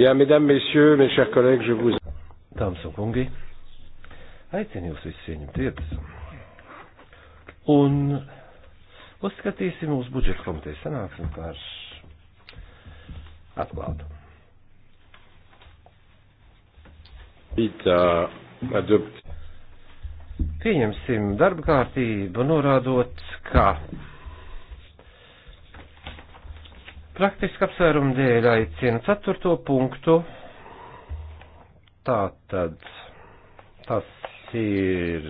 Bien, mesdames, messieurs, mes chers collègues, je vous. Dāmas un kungi, aicinu jūs visus ieņemt vietas. Un uzskatīsim mūsu budžeta komitejas sanāksmi par atklātu. Pieņemsim darba kārtību, norādot, ka Praktiski apsvērumu dēļ aicinu ceturto punktu. Tā tad tas ir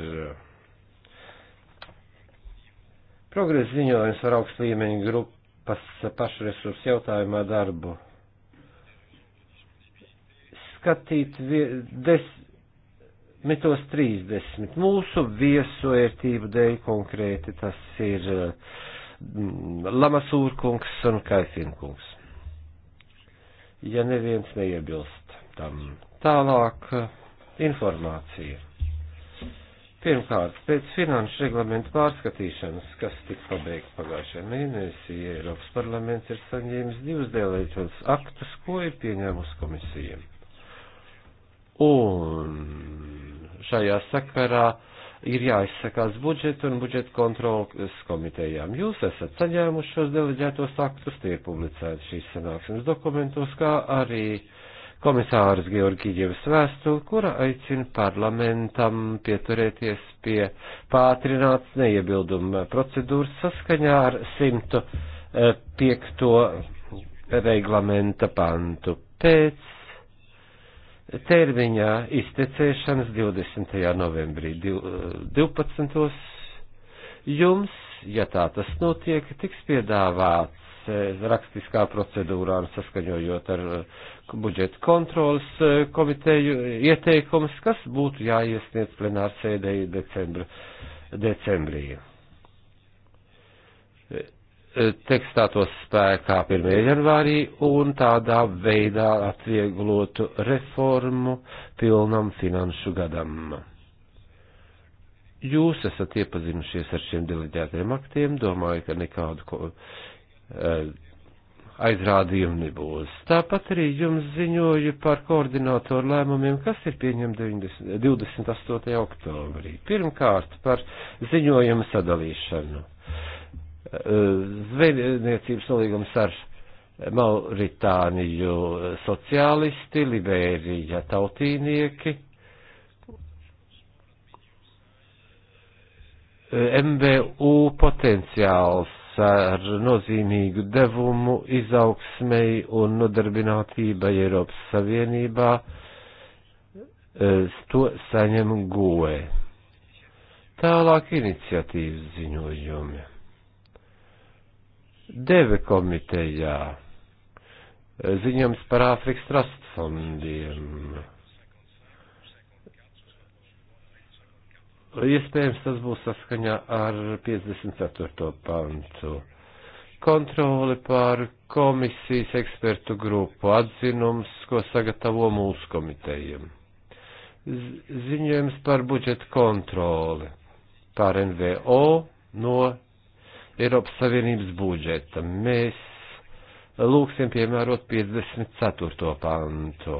progresa ziņojums par augstu līmeņu grupas pašresursu jautājumā darbu. Skatīt 10.30. Mūsu viesu ērtību dēļ konkrēti tas ir uh, Lamasūrkungs un Kaifinkungs. Ja neviens neiebilst tam tālāk eh, informācija. Pirmkārt, pēc finanšu reglamentu pārskatīšanas, kas tika pabeigta pagājušajā mēnesī, Eiropas parlaments ir saņēmis divus dēlēšanas aktus, ko ir pieņēmusi komisija. Un šajā sakarā uh, ir jāizsakās budžeta un budžeta kontrolas komitejām. Jūs esat saņēmuši šos deleģētos aktus, tie ir publicēti šīs sanāksmes dokumentos, kā arī komisāras Georgijievas vēstuli, kura aicina parlamentam pieturēties pie pātrināts neiebilduma procedūras saskaņā ar 105. Eh, reglamenta pantu. Pēc termiņā iztecēšanas 20. novembrī 12. Jums, ja tā tas notiek, tiks piedāvāts eh, rakstiskā procedūrā un saskaņojot ar eh, budžeta kontrolas eh, komiteju ieteikums, kas būtu jāiesniedz plenārsēdēji decembra, decembrī. Eh, tekstā to spēkā 1. janvārī un tādā veidā atvieglotu reformu pilnam finanšu gadam. Jūs esat iepazinušies ar šiem deleģētiem aktiem, domāju, ka nekādu ko, eh, aizrādījumu nebūs. Tāpat arī jums ziņoju par koordinātoru lēmumiem, kas ir pieņemti 28. oktobrī. Pirmkārt par ziņojumu sadalīšanu zvejniecības nolīgums ar Mauritāniju sociālisti, Liberija tautīnieki, MBU potenciāls ar nozīmīgu devumu izaugsmei un nodarbinātībai Eiropas Savienībā, eh, to saņem goe. Tālāk iniciatīvas ziņojumi. Deve komitejā ziņojums par Āfrikas trust fondiem. Iespējams, tas būs saskaņā ar 54. pantu. Kontroli pār komisijas ekspertu grupu atzinums, ko sagatavo mūsu komitejiem. Ziņojums par budžeta kontroli pār NVO no Eiropas Savienības budžeta. Mēs lūksim piemērot 54. pantu.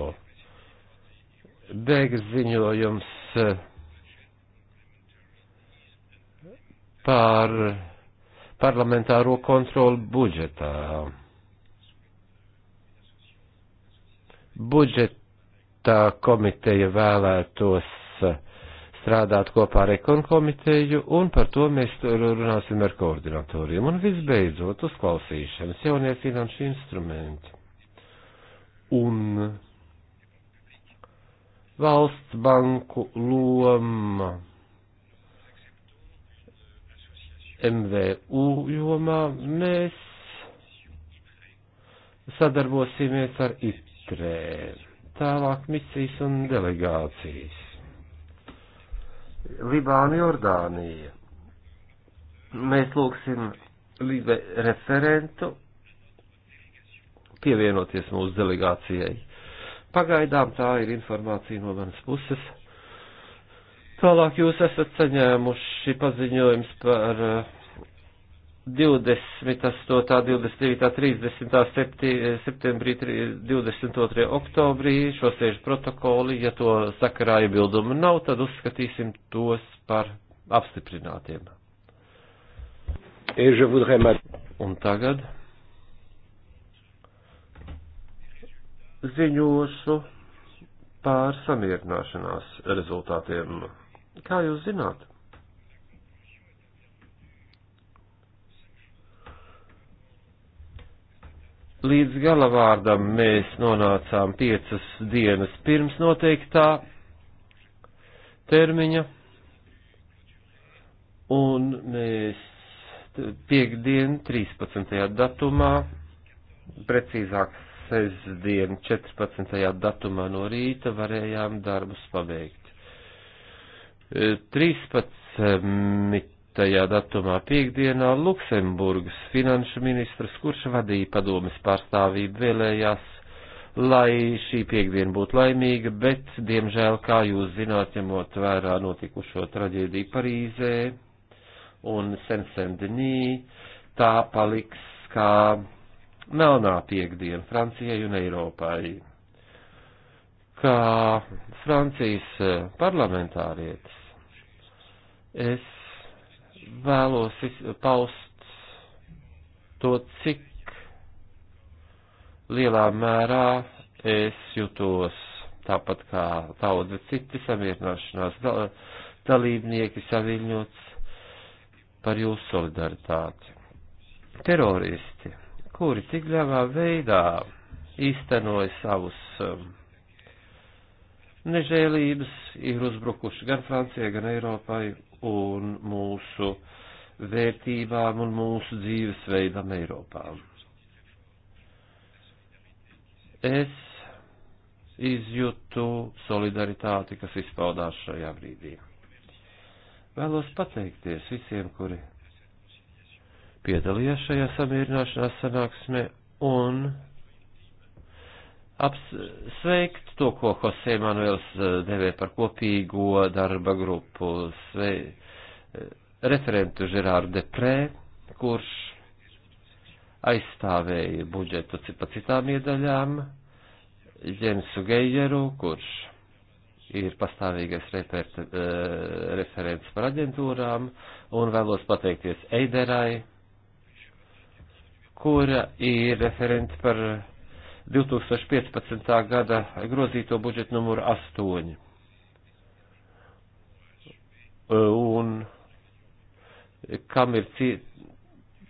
Beigas ziņojums eh, par parlamentāro kontroli budžetā. Budžeta komiteja vēlētos uh, strādāt kopā ar ekonkomiteju, un par to mēs runāsim ar koordinatoriem. Un visbeidzot, uzklausīšanas jaunie finanšu instrumenti. Un valsts banku loma MVU jomā mēs sadarbosimies ar ITRE, tālāk misijas un delegācijas Libāna, Jordānija. Mēs lūgsim Libe referentu pievienoties mūsu delegācijai. Pagaidām tā ir informācija no manas puses. Tālāk jūs esat saņēmuši paziņojums par uh, 28., 29., 30. septembrī, 22. oktobrī šo sēžu protokoli, ja to sakarā iebildumu nav, tad uzskatīsim tos par apstiprinātiem. Un tagad ziņošu pār samierināšanās rezultātiem. Kā jūs zināt? Līdz galavārdam mēs nonācām piecas dienas pirms noteiktā termiņa, un mēs piekdien 13. datumā, precīzāk sestdien 14. datumā no rīta varējām darbus pabeigt. 13. E, tajā datumā piekdienā Luksemburgas finanšu ministrs, kurš vadīja padomis pārstāvību, vēlējās, lai šī piekdiena būtu laimīga, bet, diemžēl, kā jūs zināt, ņemot vērā notikušo traģēdiju Parīzē un Sensendenī, tā paliks kā melnā piekdiena Francijai un Eiropai. Kā Francijas eh, parlamentārietis, es vēlos paust to, cik lielā mērā es jutos tāpat kā daudzi citi samierināšanās dalībnieki saviņots par jūsu solidaritāti. Teroristi, kuri tik ļāvā veidā īstenoja savus um, nežēlības ir uzbrukuši gan Francijai, gan Eiropai un mūsu vērtībām un mūsu dzīvesveidam Eiropā. Es izjūtu solidaritāti, kas izpaudās šajā brīdī. Vēlos pateikties visiem, kuri piedalījās šajā samierināšanās sanāksmē un apsveikt to, ko Jose Manuels eh, devē par kopīgo darba grupu svei, eh, referentu Žerāru Deprē, kurš aizstāvēja budžetu pa citām iedaļām, Jensu Geijeru, kurš ir pastāvīgais repert, eh, referents par aģentūrām, un vēlos pateikties Eiderai, kura ir referents par 2015. gada grozīto budžetu numuru 8. Un kam ir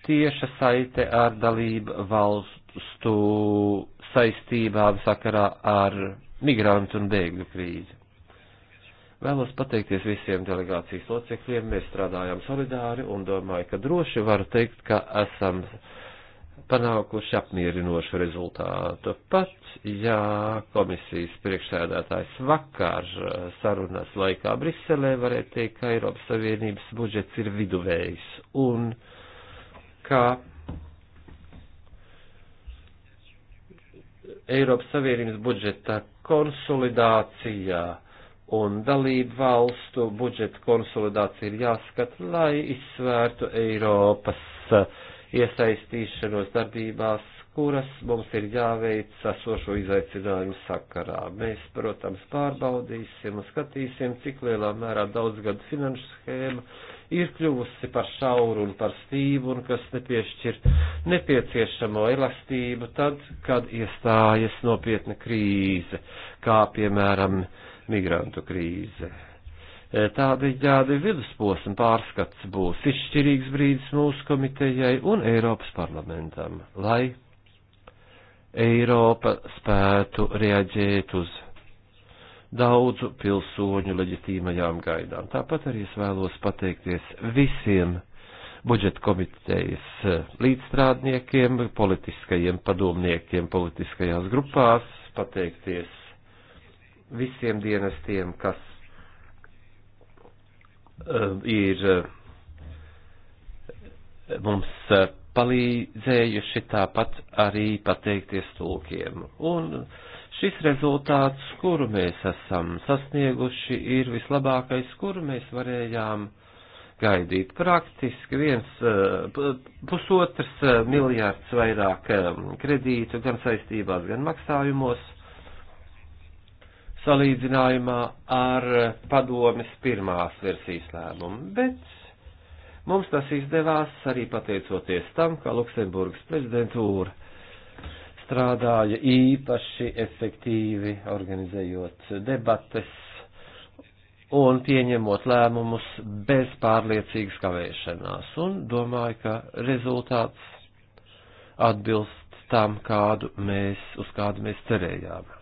tieša saite ar dalību valstu saistībām sakarā ar migrantu un bēgļu krīzi. Vēlos pateikties visiem delegācijas locekļiem, mēs strādājam solidāri un domāju, ka droši varu teikt, ka esam panākuši apmierinošu rezultātu. Pat, ja komisijas priekšsēdētājs vakar sarunas laikā Briselē varētu teikt, ka Eiropas Savienības budžets ir viduvējs un ka Eiropas Savienības budžeta konsolidācijā un dalību valstu budžeta konsolidācija ir jāskata, lai izsvērtu Eiropas uh, iesaistīšanos darbībās, kuras mums ir jāveic sasošo izaicinājumu sakarā. Mēs, protams, pārbaudīsim un skatīsim, cik lielā mērā daudzgadu finanšu schēma ir kļuvusi par šauru un par stīvu un kas nepiešķir nepieciešamo elastību tad, kad iestājas nopietna krīze, kā piemēram migrantu krīze. Eh, Tādējādi vidusposma pārskats būs izšķirīgs brīdis mūsu komitejai un Eiropas parlamentam, lai Eiropa spētu reaģēt uz daudzu pilsoņu leģitīmajām gaidām. Tāpat arī es vēlos pateikties visiem budžeta komitejas eh, līdzstrādniekiem, politiskajiem padomniekiem, politiskajās grupās, pateikties visiem dienestiem, kas Eh, ir eh, mums eh, palīdzējuši tāpat arī pateikties tulkiem. Un šis rezultāts, kuru mēs esam sasnieguši, ir vislabākais, kuru mēs varējām gaidīt. Praktiski viens pusotrs miljārds vairāk kredītu gan saistībās, gan maksājumos salīdzinājumā ar padomes pirmās versijas lēmumu, bet mums tas izdevās arī pateicoties tam, ka Luksemburgas prezidentūra strādāja īpaši efektīvi, organizējot debates un pieņemot lēmumus bez pārliecīgas kavēšanās, un domāju, ka rezultāts atbilst tam, kādu mēs, uz kādu mēs cerējām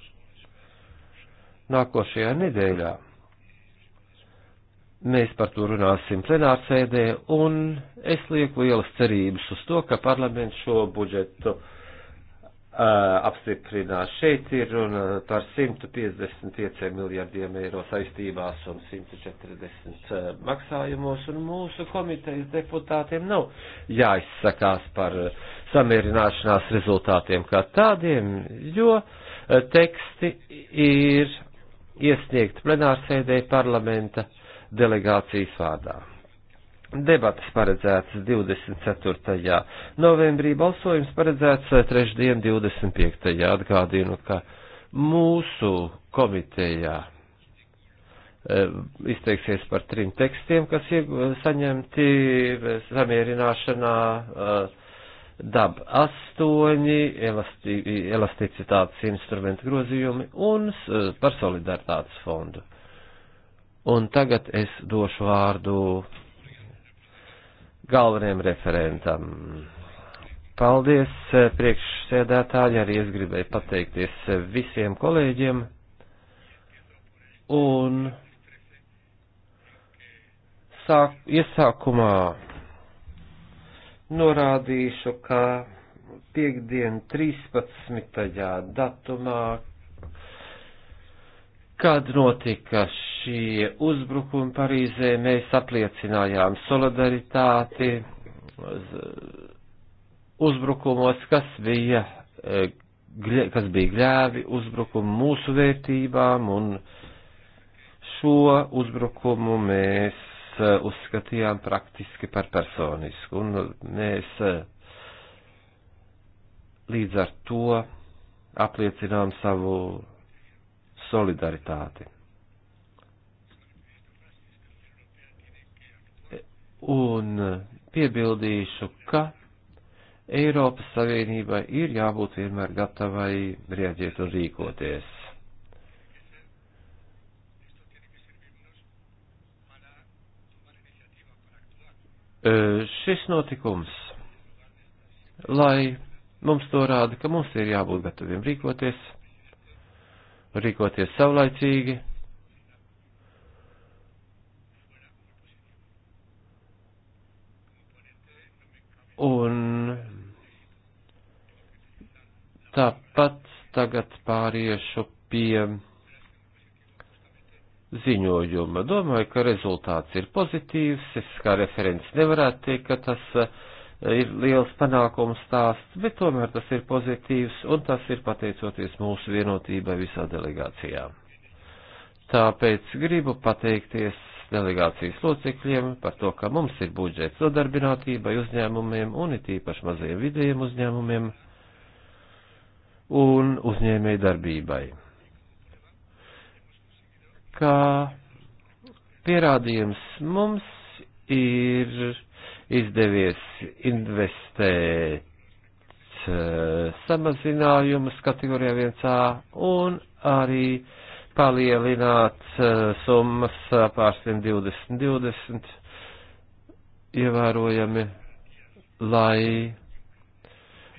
nākošajā nedēļā. Mēs par to runāsim plenārsēdē, un es lieku lielas cerības uz to, ka parlaments šo budžetu uh, apstiprinās. Šeit ir runa par 155 miljardiem eiro saistībās un 140 maksājumos, un mūsu komitejas deputātiem nav jāizsakās par samierināšanās rezultātiem kā tādiem, jo teksti ir iesniegt plenārsēdē parlamenta delegācijas vārdā. Debatas paredzētas 24. novembrī, balsojums paredzēts trešdien 25. atgādinu, ka mūsu komitejā eh, izteiksies par trim tekstiem, kas ir saņemti eh, samierināšanā uh, DAB 8, elasti, elasticitātes instrumentu grozījumi un par solidaritātes fondu. Un tagad es došu vārdu galvenajam referentam. Paldies priekšsēdētāji, arī es gribēju pateikties visiem kolēģiem. Un sāk, iesākumā norādīšu, ka piekdien 13. datumā, kad notika šie uzbrukumi Parīzē, mēs apliecinājām solidaritāti uzbrukumos, kas bija, eh, kas bija gļēvi uzbrukumi mūsu vērtībām, un šo uzbrukumu mēs Eh, uzskatījām praktiski par personisku, un eh, mēs eh, līdz ar to apliecinām savu solidaritāti. Un piebildīšu, ka Eiropas Savienībai ir jābūt vienmēr gatavai rieģiet un rīkoties. šis notikums, lai mums to rāda, ka mums ir jābūt gataviem rīkoties, rīkoties savlaicīgi. Un tāpat tagad pāriešu pie ziņojuma. Domāju, ka rezultāts ir pozitīvs. Es kā referents nevarētu teikt, ka tas eh, ir liels panākums stāsts, bet tomēr tas ir pozitīvs un tas ir pateicoties mūsu vienotībai visā delegācijā. Tāpēc gribu pateikties delegācijas locekļiem par to, ka mums ir budžets nodarbinātībai uzņēmumiem un it īpaši mazajiem vidējiem uzņēmumiem un uzņēmēji darbībai kā pierādījums mums ir izdevies investēt eh, samazinājumus kategorijā 1A un arī palielināt eh, summas pārsvien 20, 20 ievērojami, lai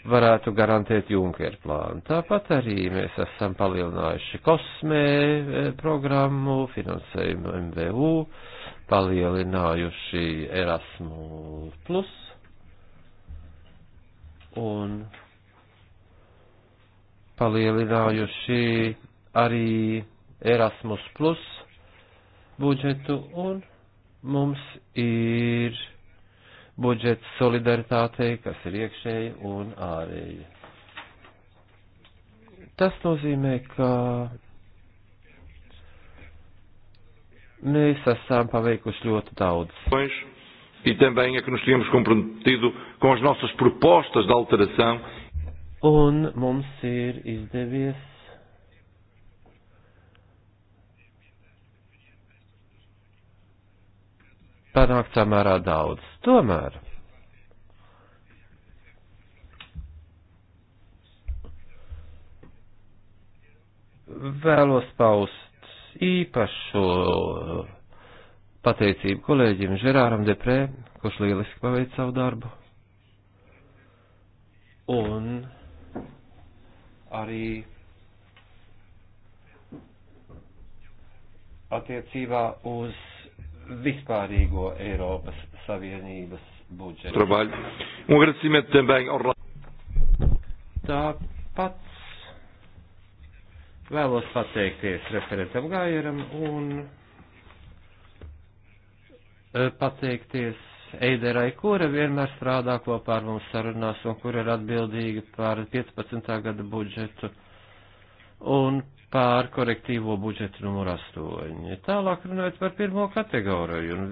varētu garantēt Junker plānu. Tāpat arī mēs esam palielinājuši kosmē e, programmu, finansējumu MVU, palielinājuši Erasmu plus un palielinājuši arī Erasmus plus budžetu un mums ir budžets solidaritātei, kas ir iekšēji un ārēji. Tas nozīmē, ka mēs esam paveikuši ļoti daudz. Pois. E também é que nos tínhamos comprometido com as nossas propostas de alteração. Un mums ir izdevies panākt samērā daudz. Tomēr vēlos paust īpašu pateicību kolēģim Žerāram Deprē, kurš lieliski paveic savu darbu. Un arī attiecībā uz vispārīgo Eiropas Savienības budžetu. Trabalho. Um agradecimento também ao Tāpat vēlos pateikties referentam Gājeram un e, pateikties Eiderai, kura vienmēr strādā kopā ar mums sarunās un kura ir atbildīga par 15. gada budžetu. Un pār korektīvo budžetu numur 8. Tālāk runājot par pirmo kategoriju un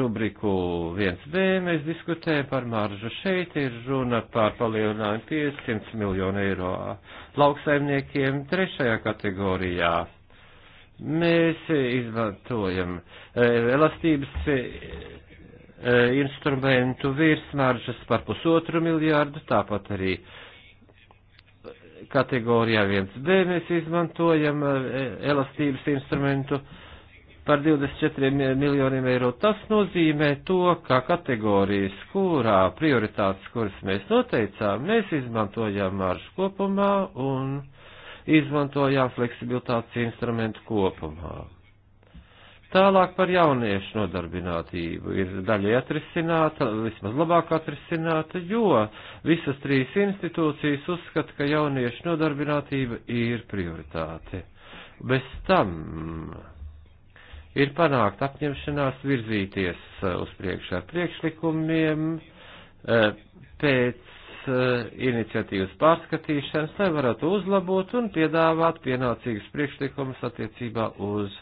rubriku 1b, mēs diskutējam par maržu. Šeit ir runa par palielinājumu 500 miljonu eiro lauksaimniekiem trešajā kategorijā. Mēs izmantojam eh, elastības eh, instrumentu virsmaržas par pusotru miljārdu, tāpat arī uh, kategorijā 1B mēs izmantojam e, elastības instrumentu par 24 miljoniem eiro. Tas nozīmē to, ka kategorijas, kurā prioritātes, kuras mēs noteicām, mēs izmantojam maršu kopumā un izmantojām fleksibilitātes instrumentu kopumā. Tālāk par jauniešu nodarbinātību ir daļai atrisināta, vismaz labāk atrisināta, jo visas trīs institūcijas uzskata, ka jauniešu nodarbinātība ir prioritāte. Bez tam ir panākt apņemšanās virzīties eh, uz priekšu ar priekšlikumiem eh, pēc eh, iniciatīvas pārskatīšanas, lai varētu uzlabot un piedāvāt pienācīgus priekšlikumus attiecībā uz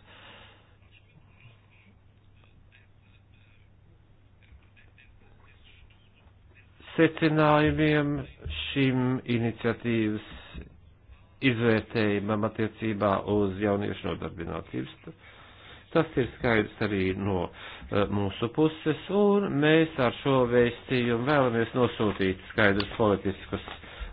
secinājumiem šim iniciatīvas izvērtējumam attiecībā uz jauniešu nodarbinātības. Tas ir skaidrs arī no uh, mūsu puses, un mēs ar šo vēstījumu vēlamies nosūtīt skaidrus politiskus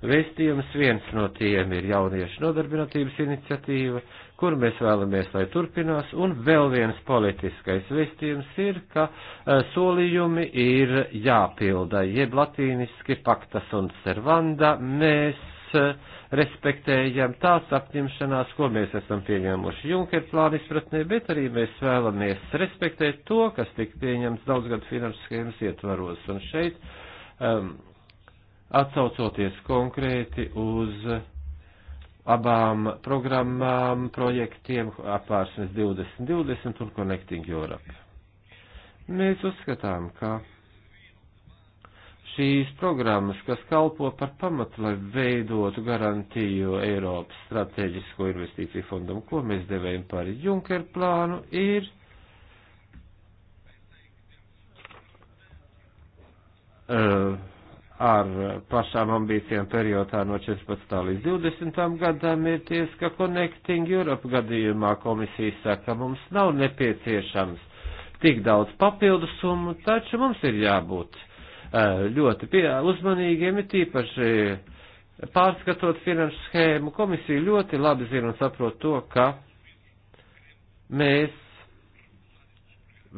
vēstījumus. Viens no tiem ir jauniešu nodarbinātības iniciatīva, kur mēs vēlamies, lai turpinās, un vēl viens politiskais vēstījums ir, ka e, solījumi ir jāpilda, jeb latīniski paktas un servanda, mēs e, respektējam tās apņemšanās, ko mēs esam pieņēmuši Junker plānu izpratnē, bet arī mēs vēlamies respektēt to, kas tika pieņemts daudzgadu finanšu schēmas ietvaros. Un šeit, um, atsaucoties konkrēti uz uh, abām programmām, projektiem apvārsnes 2020 un Connecting Europe. Mēs uzskatām, ka šīs programmas, kas kalpo par pamatu, lai veidotu garantiju Eiropas strateģisko investīciju fondam, ko mēs devējam par Junker plānu, ir uh, ar pašām ambīcijām periodā no 14. līdz 20. gadam ir ties, ka Connecting Europe gadījumā komisija saka, mums nav nepieciešams tik daudz papildus summu, taču mums ir jābūt eh, ļoti pie, uzmanīgiem, ir tīpaši pārskatot finanšu schēmu. Komisija ļoti labi zina un saprot to, ka mēs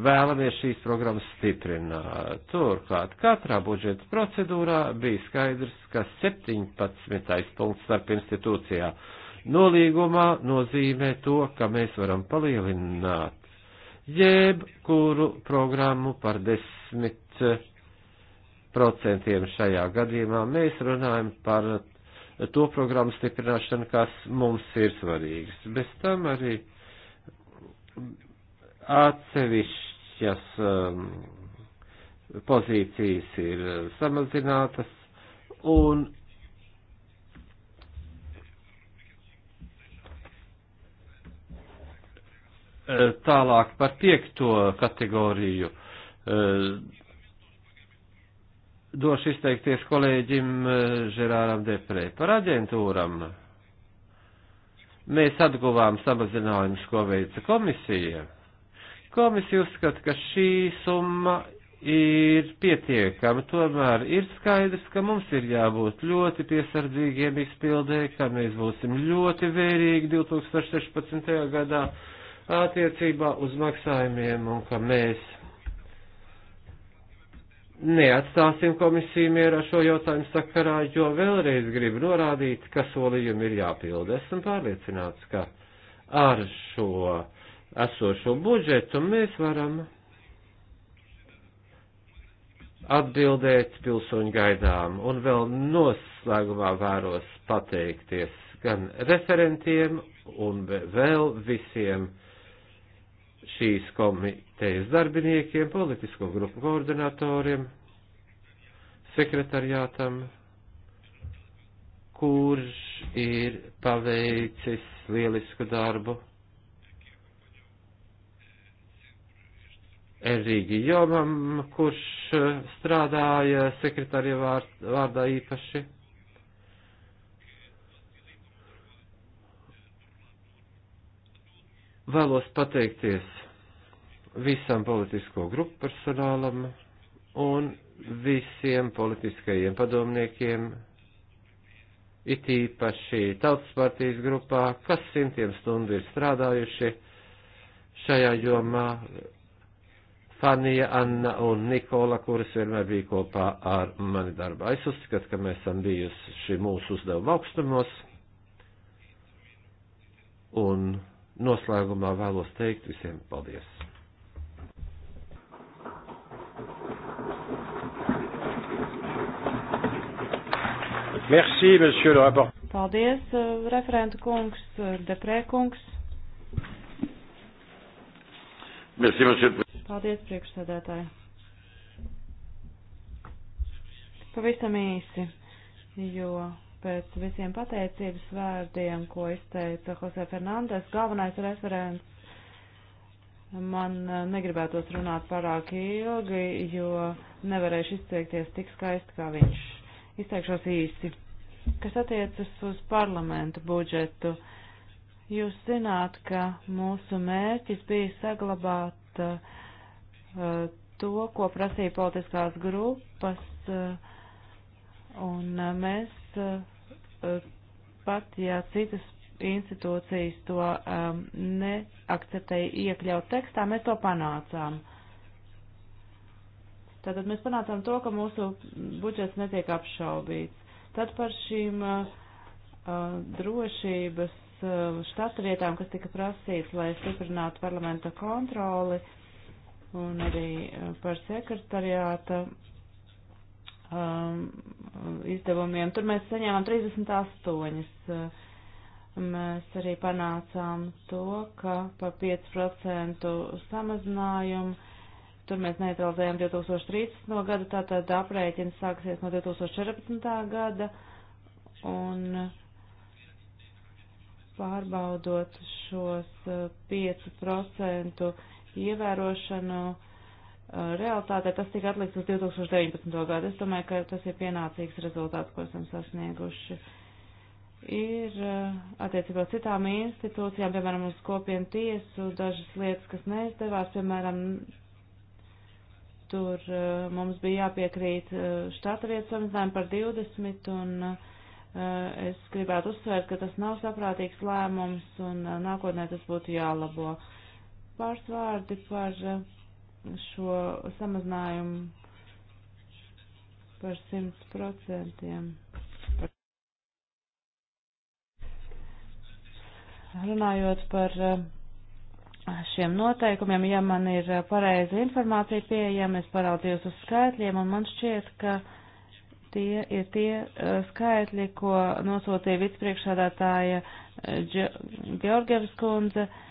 vēlamies šīs programmas stiprināt. Turklāt katrā budžeta procedūrā bija skaidrs, ka 17. punkts starp institūcijā nolīgumā nozīmē to, ka mēs varam palielināt jeb kuru programmu par 10% šajā gadījumā. Mēs runājam par to programmu stiprināšanu, kas mums ir svarīgs. Bez tam arī Atsevišķas um, pozīcijas ir samazinātas un tālāk par piekto kategoriju. Uh, došu izteikties kolēģim uh, Žerāram Deprē par aģentūram. Mēs atguvām samazinājumus, ko veica komisija. Komisija uzskata, ka šī summa ir pietiekama, tomēr ir skaidrs, ka mums ir jābūt ļoti piesardzīgiem izpildē, ka mēs būsim ļoti vērīgi 2016. gadā attiecībā uz maksājumiem un ka mēs neatstāsim komisiju mierā šo jautājumu sakarā, jo vēlreiz gribu norādīt, ka solījumi ir jāpilda. Esmu pārliecināts, ka ar šo uh, esošo budžetu, mēs varam atbildēt pilsoņu gaidām. Un vēl noslēgumā vēros pateikties gan referentiem un vēl visiem šīs komitejas darbiniekiem, politisko grupu koordinatoriem, sekretariātam, kurš ir paveicis lielisku darbu. Enrīgi Jomam, kurš e, strādāja sekretārija vārdā īpaši. Vēlos pateikties visam politisko grupu personālam un visiem politiskajiem padomniekiem, it īpaši Tautas partijas grupā, kas simtiem stundu ir strādājuši šajā jomā, Fanija, Anna un Nikola, kuras vienmēr bija kopā ar mani darbā. Es uzskatu, ka mēs esam bijusi mūsu uzdevuma augstumos. Un noslēgumā vēlos teikt visiem paldies! Merci, monsieur le rapport. Paldies, uh, referenta kungs, uh, deprē kungs. Merci, monsieur le président. Paldies, priekšsēdētāji. Pavisam īsi, jo pēc visiem pateicības vērdiem, ko izteica Jose Fernandes, galvenais referents, man eh, negribētos runāt pārāk ilgi, jo nevarēšu izteikties tik skaisti kā viņš. Izteikšos īsi. Kas attiecas uz parlamenta budžetu, jūs zināt, ka mūsu mērķis bija saglabāt uh, Eh, to, ko prasīja politiskās grupas, eh, un eh, mēs pat, ja citas institūcijas to um, neakceptēja iekļaut tekstā, mēs to panācām. Tātad mēs panācām to, ka mūsu budžets netiek apšaubīts. Tad par šīm uh, drošības uh, štata vietām, kas tika prasīts, lai stiprinātu parlamenta kontroli, uh, un arī eh, par sekretariāta um, izdevumiem. Tur mēs saņēmām 38. Eh, mēs arī panācām to, ka par 5% samazinājumu. Tur mēs neutralizējām 2013. gadu, tātad aprēķins sāksies no 2014. gada un pārbaudot šos 5% eh, ievērošanu uh, realitātē, tas tika atlikts uz 2019. gadu. Es domāju, ka tas ir pienācīgs rezultāts, ko esam sasnieguši. Ir uh, attiecībā citām institūcijām, piemēram, uz kopienu tiesu, dažas lietas, kas neizdevās, piemēram, tur uh, mums bija jāpiekrīt štata vietas samazinājumu par 20 un es gribētu uzsvērt, ka tas nav saprātīgs lēmums un nākotnē tas būtu jālabo. Uh, Pāris vārdi par eh, šo samazinājumu par 100%. Runājot par eh, šiem noteikumiem, ja man ir eh, pareiza informācija pieejama, es paraudzījos uz skaitļiem, un man šķiet, ka tie ir tie skaitļi, ko nosūtīja vicepriekšādātāja Georgievas kundze. Uh,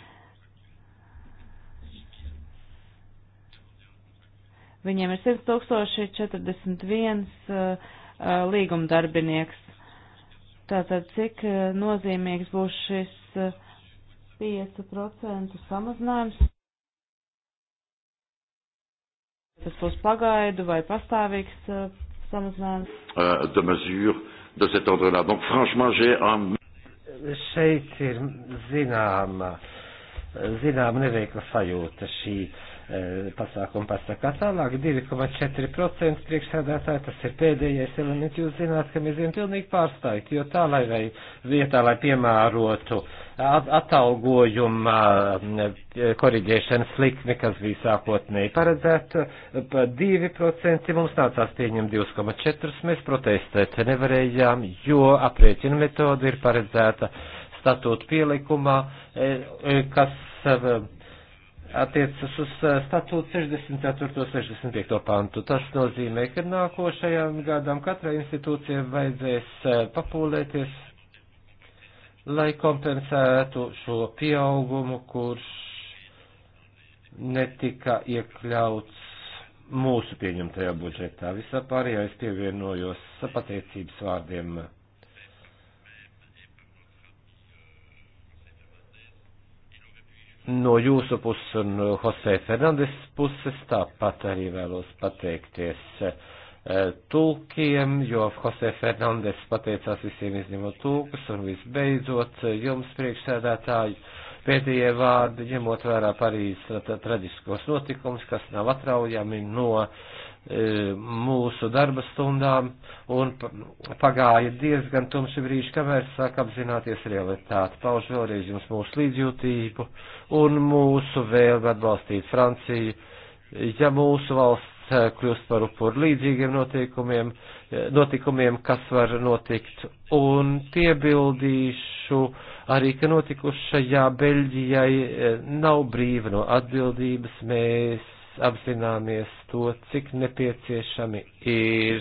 Viņiem ir 100 tūkstoši 41 uh, uh līguma darbinieks. Tātad, cik uh, nozīmīgs būs šis 5% uh, samazinājums? Tas būs pagaidu vai pastāvīgs uh, samazinājums? Uh, de mesure, de cet ordre-là. Donc, franchement, j'ai un... Šeit ir zināma, zināma neveikla sajūta šī. Uh, E, pasākumu pasakā. Tālāk 2,4% priekšsēdētāji, tas ir pēdējais elements, jūs zināt, ka mēs zinām pilnīgi pārstāvīt, jo tā, lai vai vietā, lai piemērotu at atalgojuma e, koriģēšanas likmi, kas bija sākotnēji paredzēta, pa 2% mums nācās pieņemt 2,4%, mēs protestēt nevarējām, jo aprēķina metoda ir paredzēta statūtu pielikumā, e, kas attiecas uz eh, statūtu 64. un 65. pantu. Tas nozīmē, ka nākošajam gadam katrai institūcijai vajadzēs eh, papūlēties, lai kompensētu šo pieaugumu, kurš netika iekļauts mūsu pieņemtajā budžetā. Visā pārējā es pievienojos pateicības vārdiem no jūsu puses un Jose Fernandes puses tāpat arī vēlos pateikties eh, tulkiem, jo Jose Fernandes pateicās visiem izņemot tulkus un visbeidzot eh, jums priekšsēdētāji pēdējie vārdi, ņemot vērā Parīzes traģiskos notikumus, kas nav atraujami no E, mūsu darba stundām un pagāja diezgan tumši brīži, kamēr sāk apzināties realitāti. Pauž vēlreiz jums mūsu līdzjūtību un mūsu vēlmi atbalstīt Franciju. Ja mūsu valsts e, kļūst par upuru līdzīgiem notiekumiem, e, notikumiem, kas var notikt, un piebildīšu arī, ka notikušajā Beļģijai nav brīva no atbildības, mēs apzināmies to, cik nepieciešami ir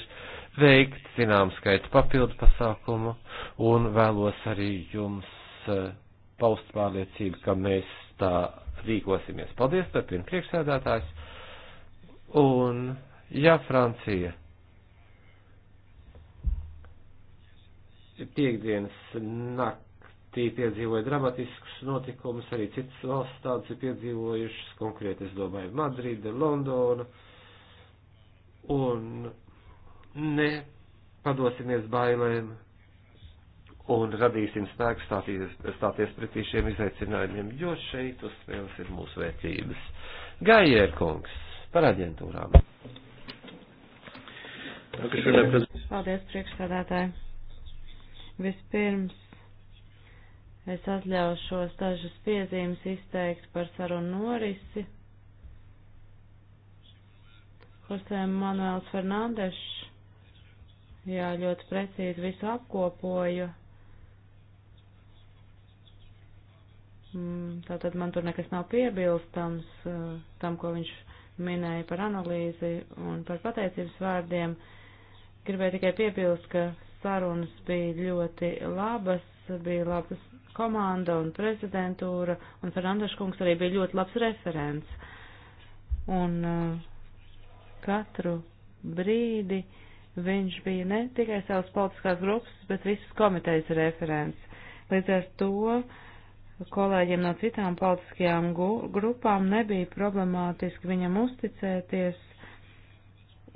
veikt zinām skaitu papildu pasākumu un vēlos arī jums e, paust pārliecību, ka mēs tā rīkosimies. Paldies, turpina priekšsēdētājs. Un, ja Francija piekdienas nakti Tī piedzīvoja dramatiskus notikumus, arī citas valsts tādas ir piedzīvojušas, konkrēti es domāju Madrida, Londona, un ne padosimies bailēm un radīsim spēku stāties, stāties pretī šiem izaicinājumiem, jo šeit uz spēles ir mūsu vērtības. Gaierkungs par aģentūrām. Paldies, priekšsādātāji. Vispirms Es atļaušos dažas piezīmes izteikt par sarunu norisi. José Manuels Fernandes, jā, ļoti precīzi visu apkopoju. Mm, tātad man tur nekas nav piebilstams eh, tam, ko viņš minēja par analīzi un par pateicības vārdiem. Gribēju tikai piebilst, ka sarunas bija ļoti labas, bija labas komanda un prezidentūra, un Fernandes kungs arī bija ļoti labs referents. Un uh, katru brīdi viņš bija ne tikai savas politiskās grupas, bet visas komitejas referents. Līdz ar to kolēģiem no citām politiskajām grupām nebija problemātiski viņam uzticēties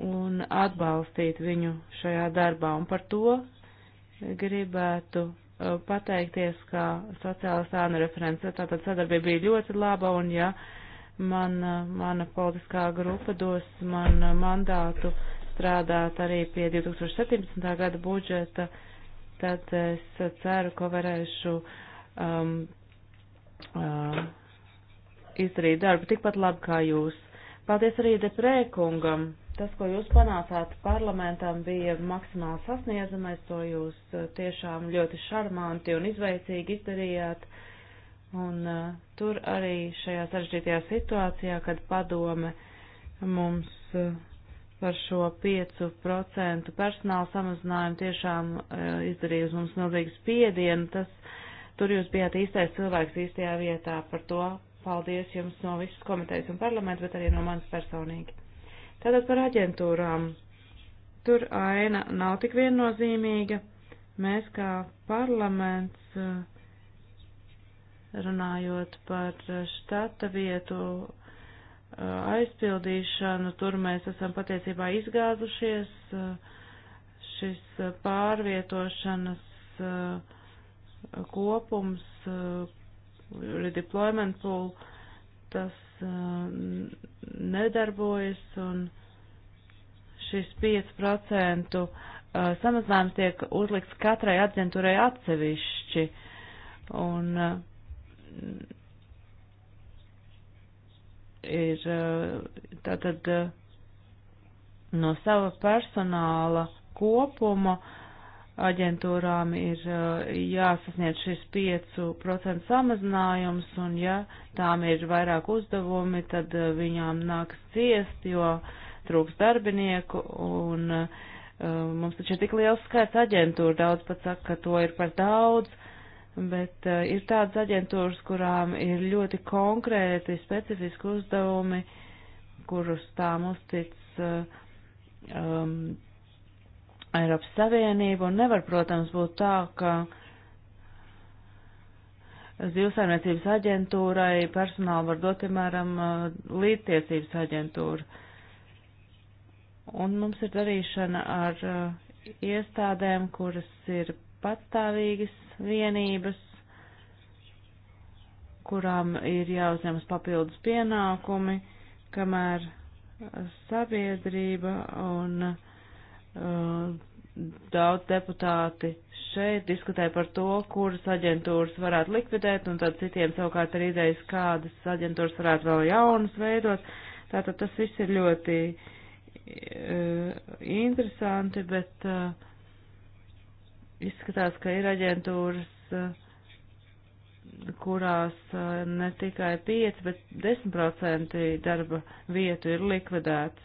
un atbalstīt viņu šajā darbā. Un par to gribētu Uh, pateikties, ka sociālās ēnu referents, tātad sadarbība bija ļoti laba, un ja man, uh, mana politiskā grupa dos man uh, mandātu strādāt arī pie 2017. gada budžeta, tad es ceru, ka varēšu um, uh, izdarīt darbu tikpat labi kā jūs. Paldies arī Deprēkungam Tas, ko jūs panācāt parlamentam, bija maksimāli sasniedzamais, to jūs uh, tiešām ļoti šarmanti un izveicīgi izdarījāt. Un uh, tur arī šajā sarežģītajā situācijā, kad padome mums uh, par šo 5% personāla samazinājumu tiešām uh, izdarīja uz mums milzīgu spiedienu, tas tur jūs bijāt īstais cilvēks īstajā vietā. Par to paldies jums no visas komitejas un parlamenta, bet arī no manis personīgi. Tātad par aģentūrām. Tur aina nav tik viennozīmīga. Mēs kā parlaments, eh, runājot par štata vietu eh, aizpildīšanu, tur mēs esam patiesībā izgāzušies. Šis pārvietošanas eh, kopums redeployment pool, tas Um, nedarbojas un šis 5% uh, samazinājums tiek uzlikts katrai aģentūrai atsevišķi. Un uh, ir uh, tātad no sava personāla kopuma uh, aģentūrām ir eh, jāsasniedz šis 5% samazinājums, un ja tām ir vairāk uzdevumi, tad eh, viņām nāks ciest, jo trūks darbinieku, un eh, mums taču ir tik liels skaits aģentūru, daudz pat saka, ka to ir par daudz, bet ir tādas aģentūras, kurām ir ļoti konkrēti, specifiski uzdevumi, kurus tām uztic um, Eiropas Savienību, un nevar, protams, būt tā, ka zivsaimniecības aģentūrai personālu var dot, piemēram, uh, līdztiesības aģentūra. Un mums ir darīšana ar uh, iestādēm, kuras ir patstāvīgas vienības, kurām ir jāuzņemas papildus pienākumi, kamēr sabiedrība un uh, Eh, daudz deputāti šeit diskutē par to, kuras aģentūras varētu likvidēt, un tad citiem savukārt ir idejas, kādas aģentūras varētu vēl jaunas veidot. Tātad tas viss ir ļoti uh, interesanti, bet uh, izskatās, ka ir aģentūras, uh, kurās uh, ne tikai 5, bet 10% darba vietu ir likvidētas.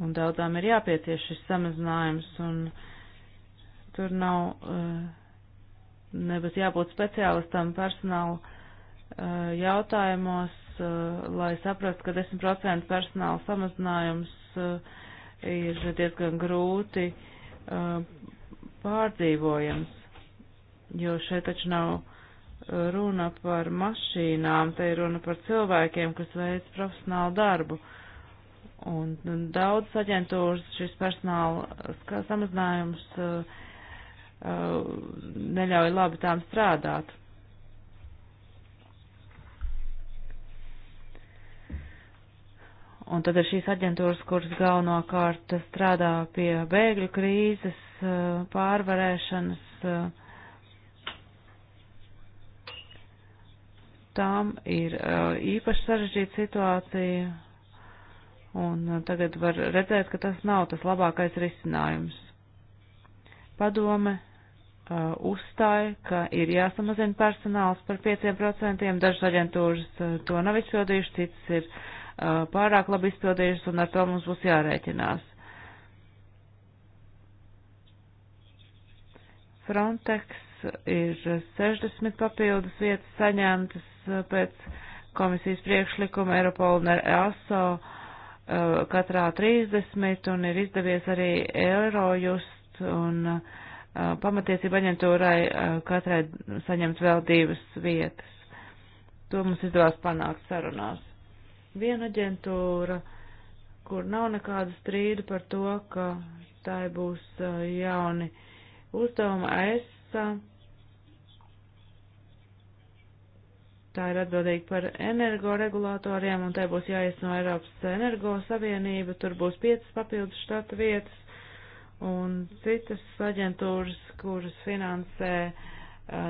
un daudzām ir jāpiecieš šis samazinājums, un tur nav eh, nebūs jābūt speciālistam personālu eh, jautājumos, eh, lai saprastu, ka 10% personāla samazinājums ir diezgan grūti pārdzīvojams, jo šeit taču nav runa par mašīnām, te ir runa par cilvēkiem, kas veic profesionālu darbu. Uh, Un, un nu, daudz aģentūras šis personāla samazinājums uh, uh, neļauj labi tām strādāt. Un tad ir šīs aģentūras, kuras galvenokārt strādā pie bēgļu krīzes uh, pārvarēšanas. Uh, tām ir uh, īpaši sarežģīta situācija, Un uh, tagad var redzēt, ka tas nav tas labākais risinājums. Padome uh, uzstāja, ka ir jāsamazina personāls par 5%, dažas aģentūras uh, to nav izpildījušas, citas ir uh, pārāk labi izpildījušas, un ar to mums būs jārēķinās. Frontex ir 60 papildus vietas saņemtas uh, pēc komisijas priekšlikuma Eiropola un EASO. Uh, Eh, katrā 30 un ir izdevies arī Eurojust un eh, pamatiesība aģentūrai eh, katrai saņemt vēl divas vietas. To mums izdevās panākt sarunās. Viena aģentūra, kur nav nekāda strīda par to, ka tai būs jauni uzdevumi, ESA e tā ir atbildīga par energoregulātoriem, un tai būs jāiesno Eiropas Energo Savienība, tur būs piecas papildus štata vietas un citas aģentūras, kuras finansē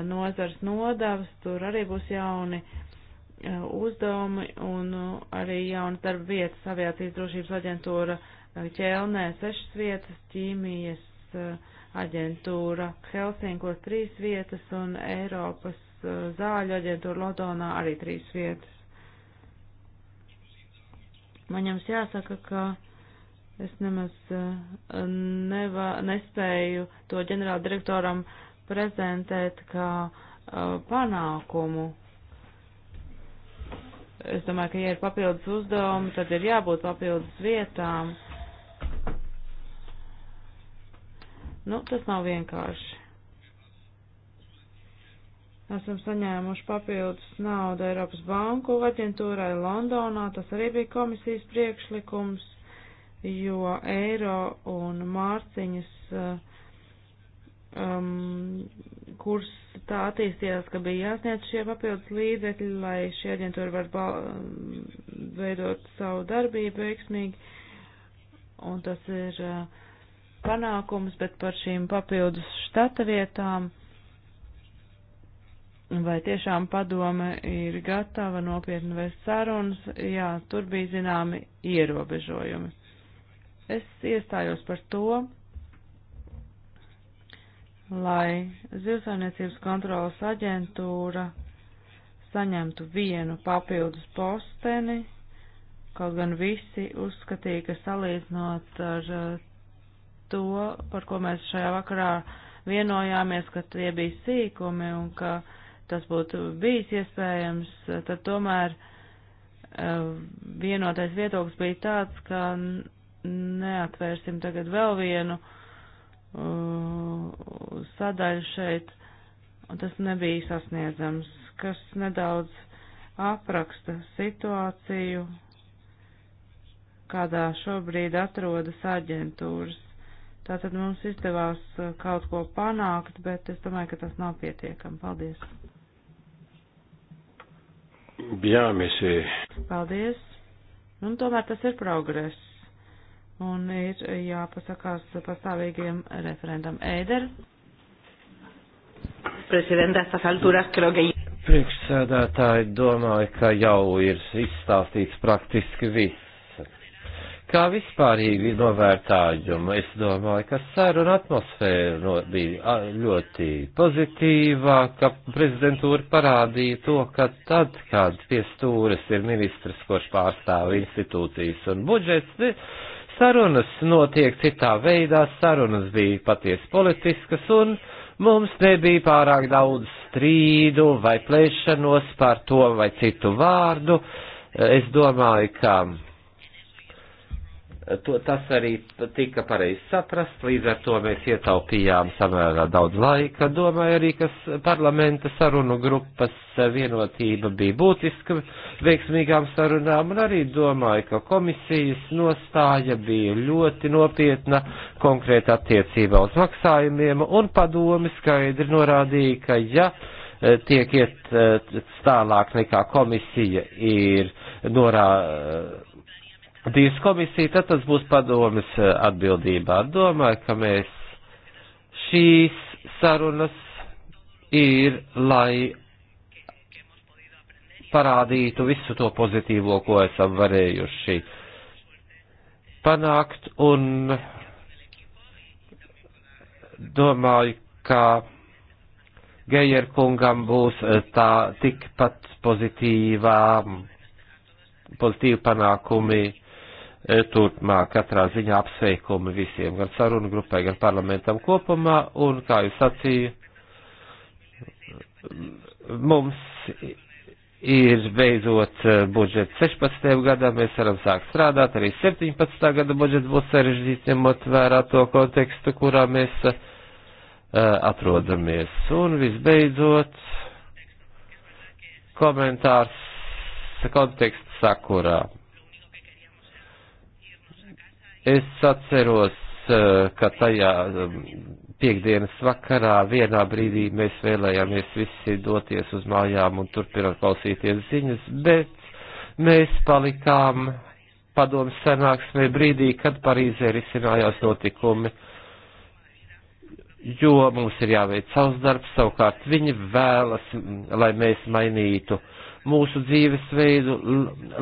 nozars nodavas, tur arī būs jauni uzdevumi un nu, arī jauna darba vietas aviācijas drošības aģentūra Ķelnē sešas vietas, ķīmijas aģentūra Helsinkos trīs vietas un Eiropas Eh, zāļu aģentūru Londonā arī trīs vietas. Man jums jāsaka, ka es nemaz eh, neva, nespēju to ģenerāla direktoram prezentēt kā eh, panākumu. Es domāju, ka, ja ir papildus uzdevumi, tad ir jābūt papildus vietām. Nu, tas nav vienkārši esam saņēmuši papildus naudu Eiropas Banku aģentūrai Londonā. Tas arī bija komisijas priekšlikums, jo eiro un mārciņas eh, um, kurs tā attīstījās, ka bija jāsniedz šie papildus līdzekļi, lai šī aģentūra var mm, veidot savu darbību veiksmīgi. Un tas ir uh, panākums, bet par šīm papildus štata vietām vai tiešām padome ir gatava nopietni vēst sarunas, jā, tur bija zināmi ierobežojumi. Es iestājos par to, lai Zivsaimniecības kontrolas aģentūra saņemtu vienu papildus posteni, kaut gan visi uzskatīja, ka salīdzinot ar uh, to, par ko mēs šajā vakarā vienojāmies, ka tie bija sīkumi un ka uh, tas būtu bijis iespējams, tad tomēr eh, vienotais viedoklis bija tāds, ka neatvērsim tagad vēl vienu eh, sadaļu šeit, un tas nebija sasniedzams, kas nedaudz apraksta situāciju, kādā šobrīd atrodas aģentūras. Tātad mums izdevās eh, kaut ko panākt, bet es domāju, ka tas nav pietiekami. Paldies! Bien, monsieur. Paldies. Un nu, tomēr tas ir progress. Un ir jāpasakās pastāvīgiem referendam. Ēder. Prezidenta, estas alturas, creo que. Priekšsēdētāji domāju, ka jau ir izstāstīts praktiski viss Kā vispārīgi novērtājumu, es domāju, ka saruna atmosfēra no, bija ļoti pozitīvā, ka prezidentūra parādīja to, ka tad, kad pie stūres ir ministrs, kurš pārstāv institūcijas un budžets, ne, sarunas notiek citā veidā, sarunas bija patiesi politiskas un mums nebija pārāk daudz strīdu vai plēšanos par to vai citu vārdu. Es domāju, ka to, tas arī tika pareizi saprast, līdz ar to mēs ietaupījām samērā daudz laika. Domāju arī, ka parlamenta sarunu grupas vienotība bija būtiska veiksmīgām sarunām, un arī domāju, ka komisijas nostāja bija ļoti nopietna konkrēta attiecībā uz maksājumiem, un padomi skaidri norādīja, ka ja eh, tiek iet eh, tālāk nekā komisija ir norādīta, Dīs komisija, tad tas būs padomis eh, atbildībā. Domāju, ka mēs šīs sarunas ir, lai parādītu visu to pozitīvo, ko esam varējuši panākt, un domāju, ka Geijer kungam būs eh, tā tikpat pozitīvā, pozitīvi panākumi E, turpmāk katrā ziņā apsveikumi visiem, gan sarunu grupai, gan parlamentam kopumā, un, kā jūs sacīju, mums ir beidzot e, budžets 16. gadā, mēs varam sākt strādāt, arī 17. gada budžets būs sarežģīts, ņemot vērā to kontekstu, kurā mēs uh, atrodamies. Un visbeidzot, komentārs konteksts sakurā Es atceros, eh, ka tajā eh, piekdienas vakarā vienā brīdī mēs vēlējāmies visi doties uz mājām un turpināt klausīties ziņas, bet mēs palikām padomu sanāksmē brīdī, kad Parīzē risinājās notikumi, jo mums ir jāveic savs darbs, savukārt viņi vēlas, mm, lai mēs mainītu uh, mūsu dzīvesveidu,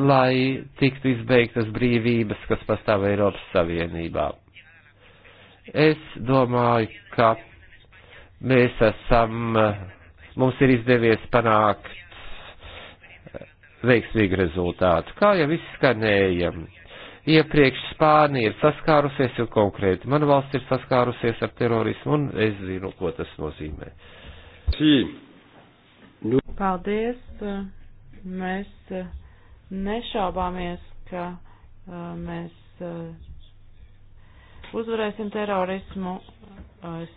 lai tiktu izbeigtas brīvības, kas pastāv Eiropas Savienībā. Es domāju, ka mēs esam, mums ir izdevies panākt veiksmīgu rezultātu. Kā jau izskanēja, iepriekš Spānija ir saskārusies, jo konkrēti mana valsts ir saskārusies ar terorismu, un es zinu, ko tas nozīmē. Nu. Paldies! Mēs eh, nešaubāmies, ka eh, mēs eh, uzvarēsim terorismu. Es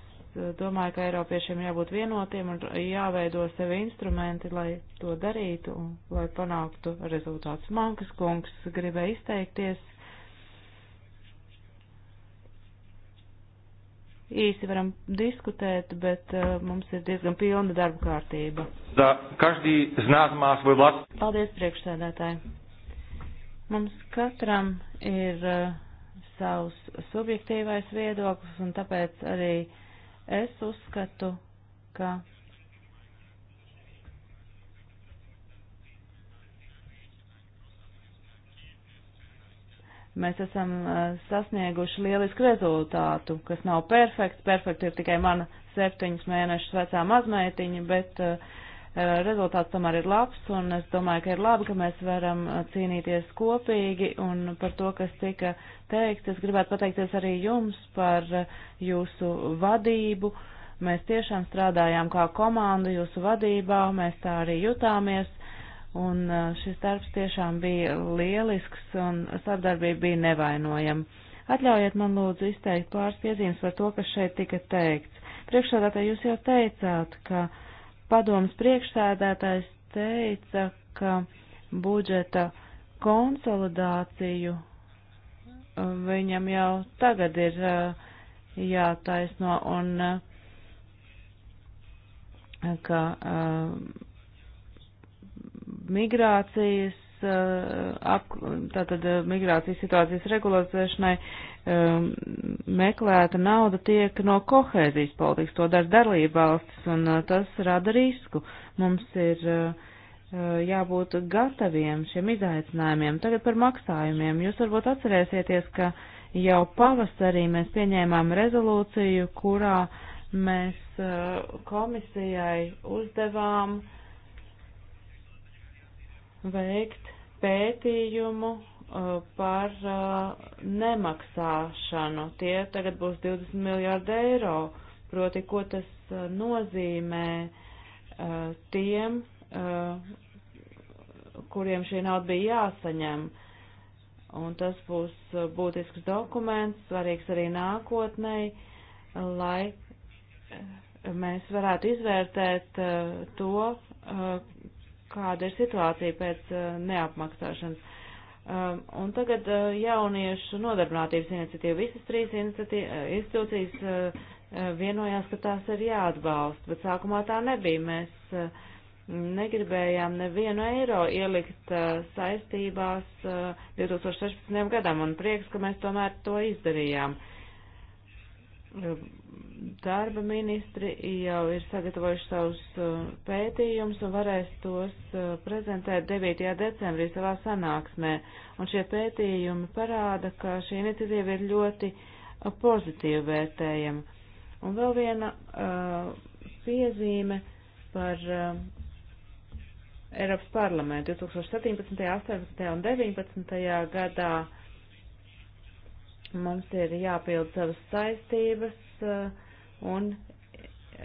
domāju, ka Eiropiešiem jābūt vienotiem un jāveido sevi instrumenti, lai to darītu un lai panāktu rezultātus. Mankas kungs gribēja izteikties. īsi varam diskutēt, bet uh, mums ir diezgan pilna darba kārtība. Da, každī znāzmās vai lat. Paldies priekšsēdētāji. Mums katram ir uh, savs subjektīvais viedoklis, un tāpēc arī es uzskatu, ka Mēs esam sasnieguši lielisku rezultātu, kas nav perfekts. Perfekta ir tikai mana septiņus mēnešus vecā mazmeitiņa, bet uh, rezultāts tomēr ir labs, un es domāju, ka ir labi, ka mēs varam cīnīties kopīgi, un par to, kas tika teikts, es gribētu pateikties arī jums par jūsu vadību. Mēs tiešām strādājām kā komanda jūsu vadībā, mēs tā arī jutāmies, Un šis darbs tiešām bija lielisks un sadarbība bija nevainojama. Atļaujiet man lūdzu izteikt pāris piezīmes par to, kas šeit tika teikts. Priekšsēdētāji, jūs jau teicāt, ka padomas priekšsēdētājs teica, ka budžeta konsolidāciju viņam jau tagad ir jātaisno un ka migrācijas, eh, ap, tātad eh, migrācijas situācijas regulēšanai um, eh, meklēta nauda tiek no kohēzijas politikas, to dara dalībvalstis, un tas rada risku. Mums ir uh, jābūt gataviem šiem izaicinājumiem. Tagad par maksājumiem. Jūs varbūt atcerēsieties, ka jau pavasarī mēs pieņēmām rezolūciju, kurā mēs komisijai uzdevām uh, veikt pētījumu uh, par uh, nemaksāšanu. Tie tagad būs 20 miljārdi eiro, proti, ko tas uh, nozīmē tiem, kuriem šī nauda bija jāsaņem. Un tas būs būtisks dokuments, svarīgs arī nākotnei, lai mēs varētu izvērtēt to, kāda ir situācija pēc uh, neapmaksāšanas. Um, un tagad uh, jauniešu nodarbinātības iniciatīva. Visas trīs uh, institūcijas vienojās, ka tās ir jāatbalsta, bet sākumā tā nebija. Mēs negribējām nevienu eiro ielikt saistībās 2016. gadam, un prieks, ka mēs tomēr to izdarījām. Um, darba ministri jau ir sagatavojuši savus uh, pētījumus un varēs tos uh, prezentēt 9. decembrī savā sanāksmē. Un šie pētījumi parāda, ka šī iniciatīva ir ļoti uh, pozitīvi vērtējama. Un vēl viena uh, piezīme par uh, Eiropas parlamentu 2017., 18. un 19. gadā mums ir jāpild savas saistības. Uh, un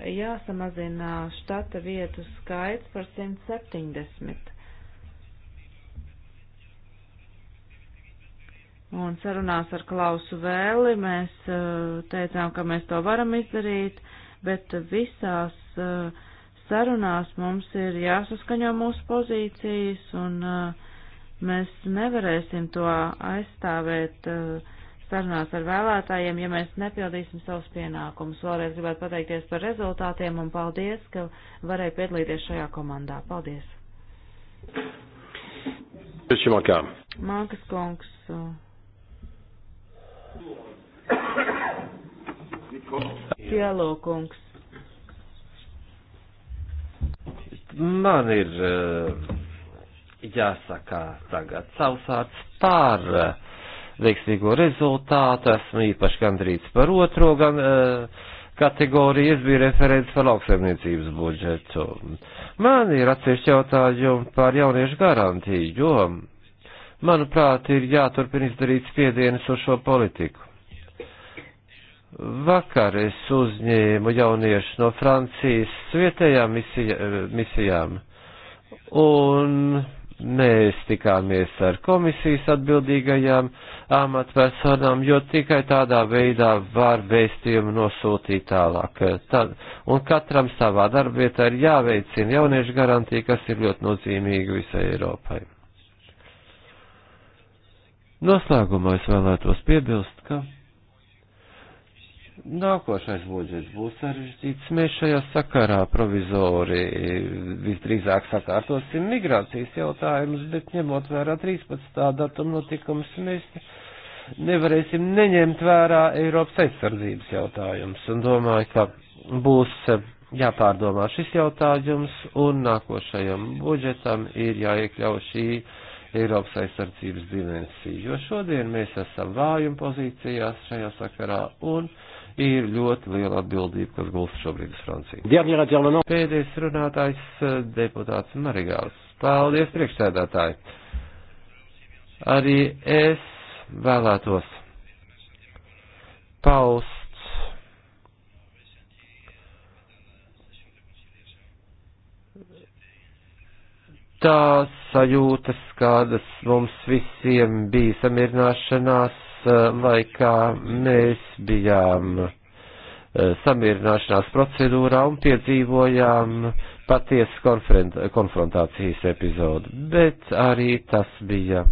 jāsamazina štata vietu skaits par 170. Un sarunās ar Klausu Vēli mēs eh, teicām, ka mēs to varam izdarīt, bet visās eh, sarunās mums ir jāsaskaņo mūsu pozīcijas, un eh, mēs nevarēsim to aizstāvēt uh, sarunās ar vēlētājiem, ja mēs nepildīsim savus pienākumus. Vēlreiz gribētu pateikties par rezultātiem un paldies, ka varēja piedalīties šajā komandā. Paldies! Mākas kungs. Cielo kungs. Man ir eh, jāsaka tagad savs vārds par veiksmīgo rezultātu. Esmu īpaši gandrīz par otro gan, uh, kategoriju. Es biju referents par lauksaimniecības budžetu. Man ir atsevišķi jautājumi par jauniešu garantiju, jo, manuprāt, ir jāturpina izdarīt spiedienas uz šo politiku. Vakar es uzņēmu jauniešu no Francijas vietējām misija, e, misijām. Un mēs tikāmies ar komisijas atbildīgajām amatpersonām, jo tikai tādā veidā var vēstījumu nosūtīt tālāk. Tad, un katram savā darbietā ir jāveicina jauniešu garantija, kas ir ļoti nozīmīga visai Eiropai. Noslēgumā es vēlētos piebilst, ka. Nākošais budžets būs sarežģīts. Mēs šajā sakarā provizori visdrīzāk sakārtosim migrācijas jautājumus, bet ņemot vērā 13. datuma notikumus, mēs nevarēsim neņemt vērā Eiropas aizsardzības jautājumus. Un domāju, ka būs jāpārdomā šis jautājums, un nākošajam budžetam ir jāiekļau šī Eiropas aizsardzības dimensija, jo šodien mēs esam vājuma pozīcijās šajā sakarā un. Uh, ir ļoti liela atbildība, kas gulst šobrīd uz Franciju. Pēdējais runātājs eh, deputāts Marigāls. Paldies, priekšsēdētāji. Arī es vēlētos paust tās sajūtas, kādas mums visiem bija samierināšanās laikā eh, mēs bijām eh, samierināšanās procedūrā un piedzīvojām patiesu konfrontācijas epizodu, bet arī tas bija.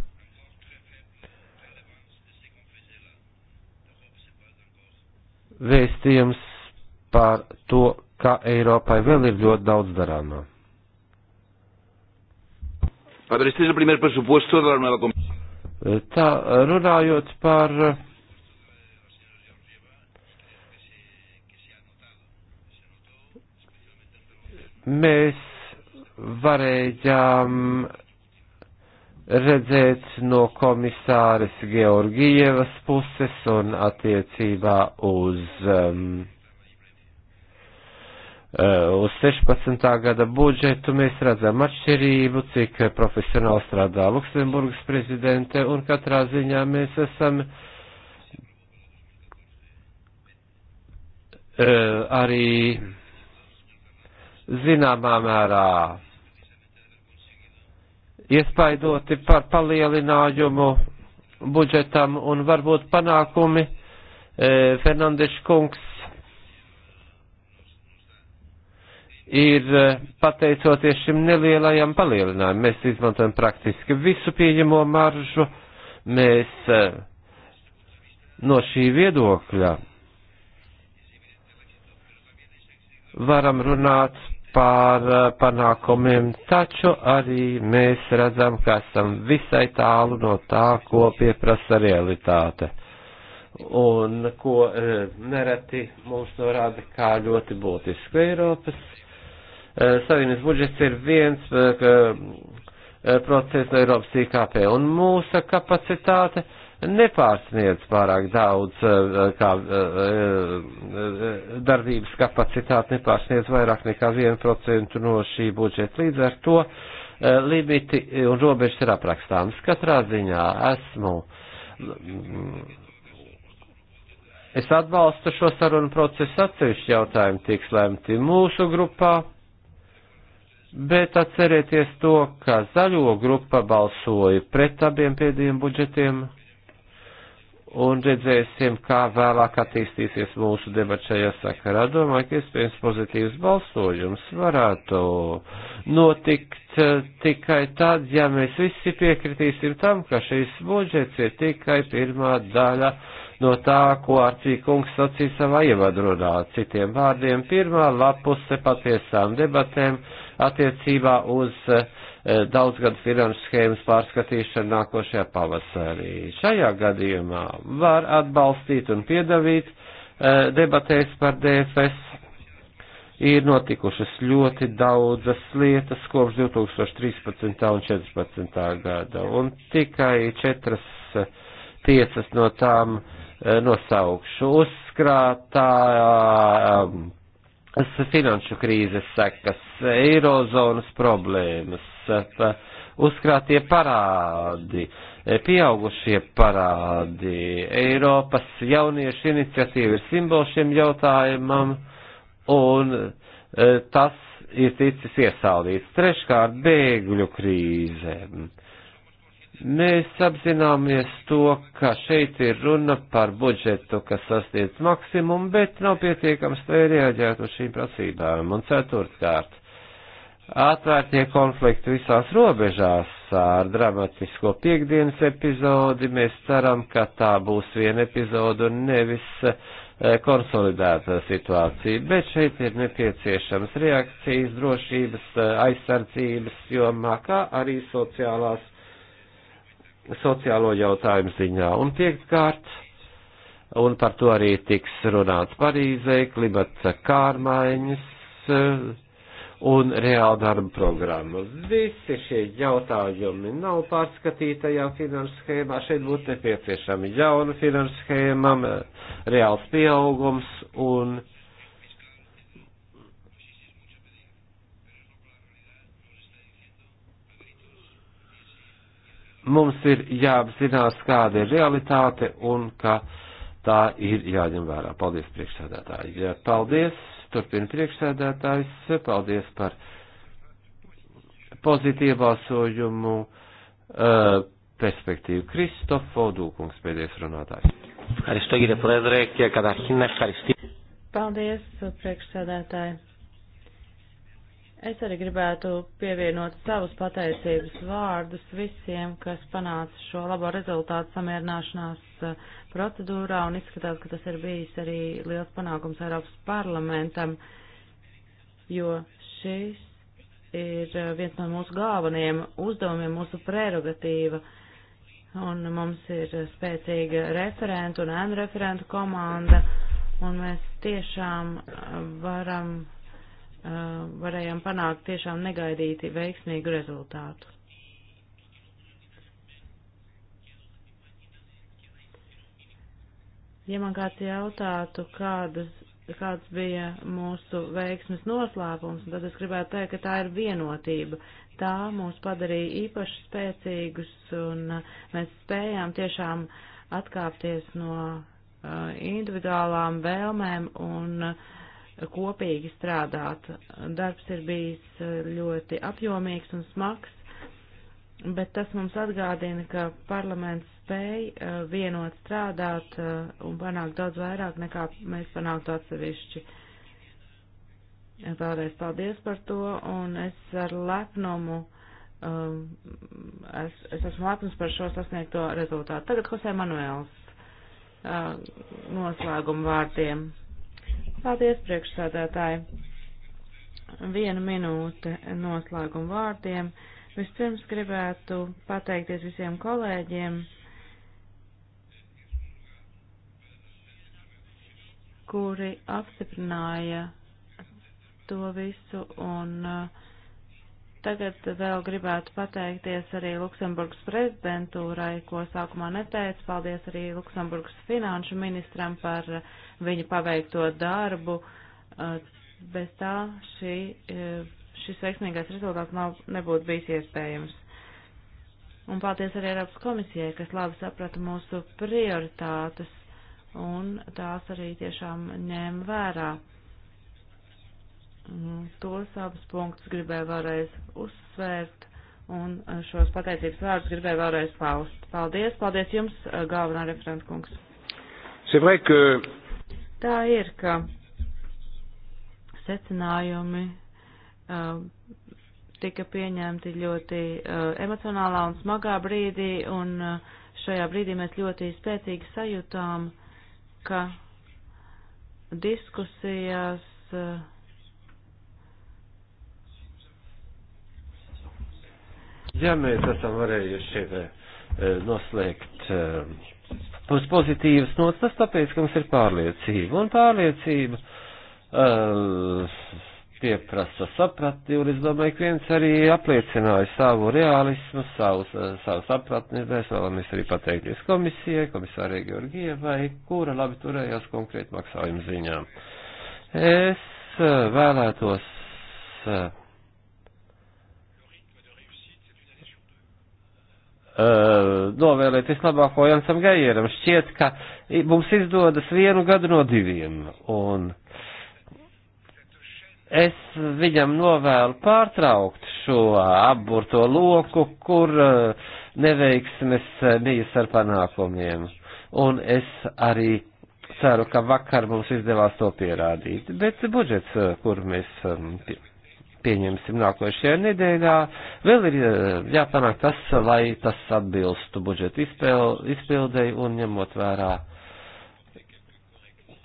Vēstījums par to, ka Eiropai vēl ir ļoti daudz darāmā. A ver, este es el primer presupuesto de la nueva comisión. Tā runājot par mēs varējām redzēt no komisāres Georgievas puses un attiecībā uz um, Eh, uz 16. gada budžetu mēs redzam atšķirību, cik profesionāli strādā Luksemburgas prezidente, un katrā ziņā mēs esam eh, arī zināmā mērā iespaidoti par palielinājumu budžetam un varbūt panākumi. Eh, Fernandeša kungs ir e, pateicoties šim nelielajam palielinājumam. Mēs izmantojam praktiski visu pieņemo maržu. Mēs e, no šī viedokļa varam runāt par e, panākumiem, taču arī mēs redzam, ka esam visai tālu no tā, ko pieprasa realitāte un ko nereti mums norāda kā ļoti būtisku Eiropas Eh, Savienības budžets ir viens eh, eh, procents no Eiropas IKP, un mūsu kapacitāte nepārsniedz pārāk daudz, kā darbības kapacitāte nepārsniedz vairāk nekā 1% no šī budžeta. Līdz ar to limiti un robežas ir aprakstāmas. Katrā ziņā esmu. Es atbalstu šo sarunu procesu, atsevišķi jautājumi tiks lemti mūsu grupā bet atcerieties to, ka zaļo grupa balsoja pret abiem pēdējiem budžetiem, un redzēsim, kā vēlāk attīstīsies mūsu debats šajā sakarā. Domāju, ka iespējams pozitīvs balsojums varētu notikt eh, tikai tad, ja mēs visi piekritīsim tam, ka šis budžets ir tikai pirmā daļa no tā, ko Arčī kungs sacīja savā ievadrunā. Citiem vārdiem, pirmā lapuse patiesām debatēm attiecībā uz eh, daudzgadu finanšu schēmas pārskatīšanu nākošajā pavasarī. Šajā gadījumā var atbalstīt un piedavīt eh, debatēs par DFS ir notikušas ļoti daudzas lietas kopš 2013. un 2014. gada, un tikai četras eh, tiesas no tām Eh, nosaukšu uzkrātā um, finanšu krīzes sekas, eirozonas problēmas, eh, uzkrātie parādi, pieaugušie parādi, Eiropas jauniešu iniciatīva ir simbols šiem jautājumam, un tas ir ticis iesaldīts. Treškārt, bēgļu krīze Mēs apzināmies to, ka šeit ir runa par budžetu, kas sasniedz maksimumu, bet nav pietiekams, lai reaģētu uz šīm prasībām. Un ceturtkārt, atvērtie konflikti visās robežās ar dramatisko piekdienas epizodi. Mēs ceram, ka tā būs viena epizoda un nevis eh, konsolidēta situācija, bet šeit ir nepieciešams reakcijas drošības, eh, aizsardzības jomā, kā arī sociālās sociālo jautājumu ziņā. Un piektkārt, un par to arī tiks runāts Parīzē, klimata kārmaiņas eh, un reāla darba programma. Visi šie jautājumi nav pārskatītajā finanšu schēmā. Šeit būtu nepieciešama jauna finanšu schēma, reāls pieaugums un mums ir jāapzinās, kāda ir realitāte un ka tā ir jāņem vērā. Paldies, priekšsēdētāji. Ja, paldies, turpina priekšsēdētājs. Paldies par pozitīvu balsojumu uh, perspektīvu. Kristofo Dūkungs, pēdējais runātājs. Paldies, priekšsēdētāji. Es arī gribētu pievienot savus pateicības vārdus visiem, kas panāca šo labo rezultātu samierināšanās eh, procedūrā un izskatās, ka tas ir bijis arī liels panākums Eiropas parlamentam, jo šis ir eh, viens no mūsu galvenajiem uzdevumiem, mūsu prerogatīva. Un mums ir spēcīga referentu un ēnu referentu komanda, un mēs tiešām eh, varam Uh, varējām panākt tiešām negaidīti veiksmīgu rezultātu. Ja man kāds jautātu, kādas, kāds bija mūsu veiksmes noslēpums, tad es gribētu teikt, ka tā ir vienotība. Tā mūs padarīja īpaši spēcīgus un uh, mēs spējām tiešām atkāpties no uh, individuālām vēlmēm un uh, kopīgi strādāt. Darbs ir bijis eh, ļoti apjomīgs un smags, bet tas mums atgādina, ka parlaments spēj eh, vienot strādāt eh, un panākt daudz vairāk nekā mēs panāktu atsevišķi. Vēlreiz paldies par to, un es ar lepnumu, es, es esmu lepns par šo sasniegto rezultātu. Tagad Hosē Manuēls noslēguma vārdiem. Paldies, priekšsādātāji. Viena minūte noslēguma vārdiem. Vispirms gribētu pateikties visiem kolēģiem, kuri apstiprināja to visu un uh, Tagad vēl gribētu pateikties arī Luksemburgas prezidentūrai, ko sākumā neteicu. Paldies arī Luksemburgas finanšu ministram par viņa paveikto darbu. Eh, bez tā šī, eh, šis veiksmīgais rezultāts nav, nebūtu bijis iespējams. Un paldies arī Eiropas komisijai, kas labi saprata mūsu prioritātes un tās arī tiešām ņēma vērā. Mm, tos abus punktus gribēju vēlreiz uzsvērt un eh, šos pateicības vārdus gribēju vēlreiz paust. Paldies, paldies jums, eh, galvenā referenta kungs. Vrai, ka... Tā ir, ka secinājumi uh, tika pieņemti ļoti uh, emocionālā un smagā brīdī, un uh, šajā brīdī mēs ļoti spēcīgi sajūtām, ka diskusijās uh, Ja mēs esam varējuši eh, eh, noslēgt eh, uz pozitīvas nots, tas tāpēc, ka mums ir pārliecība. Un pārliecība uh, pieprasa sapratni, un es domāju, ka viens arī apliecināja savu realismu, savu, savu sapratni. Mēs vēlamies arī pateikties komisijai, komisārai Georgievai, kura labi turējās konkrēti maksājumu ziņām. Es vēlētos. Uh, Eh, novēlēt vislabāko Jansam Gaieram. Šķiet, ka mums izdodas vienu gadu no diviem. Un es viņam novēlu pārtraukt šo apburto loku, kur eh, neveiksmes bija eh, ar panākumiem. Un es arī ceru, ka vakar mums izdevās to pierādīt. Bet budžets, kur mēs pieņemsim nākošajā nedēļā, vēl ir eh, jāpanāk tas, lai tas atbilstu budžeta izpildēji un ņemot vērā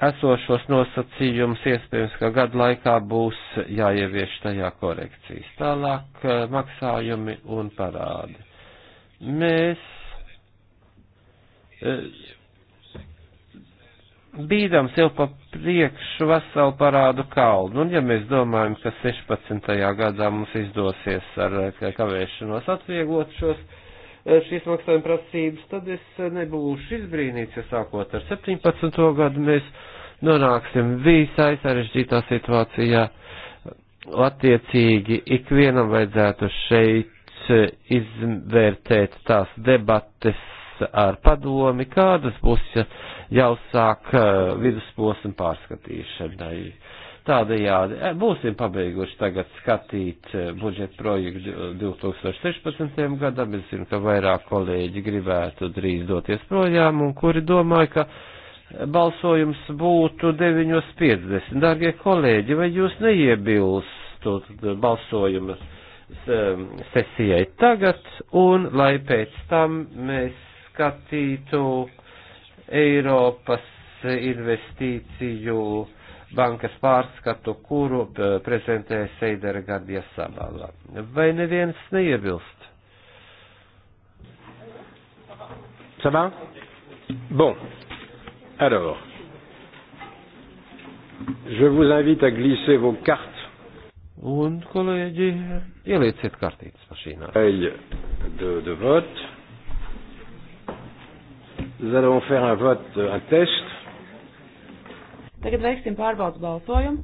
esošos nosacījumus, iespējams, ka gadu laikā būs jāievieš tajā korekcijas. Tālāk eh, maksājumi un parādi. Mēs eh, bīdams jau pa priekšu veselu parādu kaldu. Un ja mēs domājam, ka 16. gadā mums izdosies ar eh, kavēšanos atvieglot šos, eh, šīs maksājuma prasības, tad es nebūšu izbrīnīts, ja sākot ar 17. gadu mēs nonāksim visai sarežģītā situācijā. Attiecīgi ikvienam vajadzētu šeit eh, izvērtēt tās debates ar padomi, kādas būs. Ja jāuzsāk eh, vidusposma pārskatīšanai. Tādējādi eh, būsim pabeiguši tagad skatīt eh, budžeta projektu 2016. gadam. Es zinu, ka vairāk kolēģi gribētu drīz doties projām un kuri domāju, ka balsojums būtu 9.50. Dārgie kolēģi, vai jūs neiebilstot balsojuma sesijai tagad un lai pēc tam mēs skatītu Eiropas investīciju bankas pārskatu, kuru eh, prezentē Seidera Gardija Sabala. Vai neviens neiebilst? Ça va? Bon. Alors, je vous invite à glisser vos cartes. Un, kolēģi, ielieciet kartītes mašīnā. Eļ de, de vote. Nous allons faire un vote, euh, un test. Tagad veiksim pārbaudas balsojumu.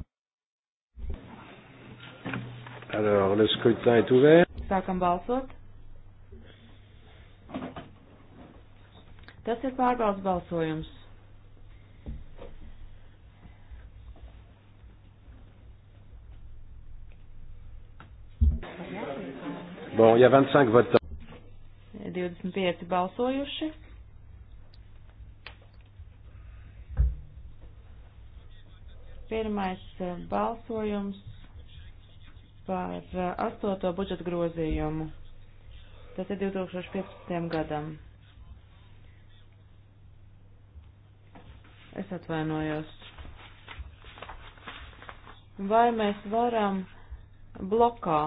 Alors, le scrutin est ouvert. Sākam balsot. Tas ir pārbaudas balsojums. Bon, il y a 25 votants. 25 balsojuši. Pirmais eh, balsojums par eh, astoto budžeta grozījumu. Tas ir 2015. gadam. Es atvainojos. Vai mēs varam blokā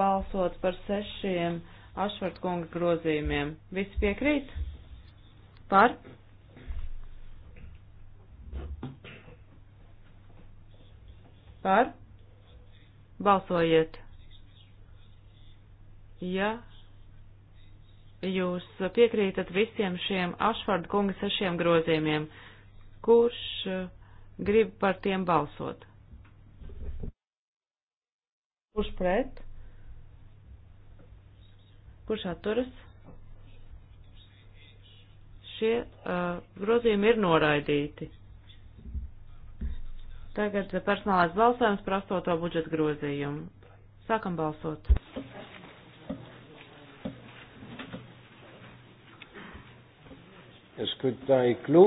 balsot par sešiem Ašvartkunga grozījumiem? Visi piekrīt? Par? Par? Balsojiet. Ja jūs piekrītat visiem šiem Ašvarda kunga sešiem grozījumiem, kurš eh, grib par tiem balsot? Kurš pret? Kurš atturas? Šie uh, grozījumi ir noraidīti. Tagad personālais balsojums par astoto budžeta grozījumu. Sākam balsot. Eskutai klū.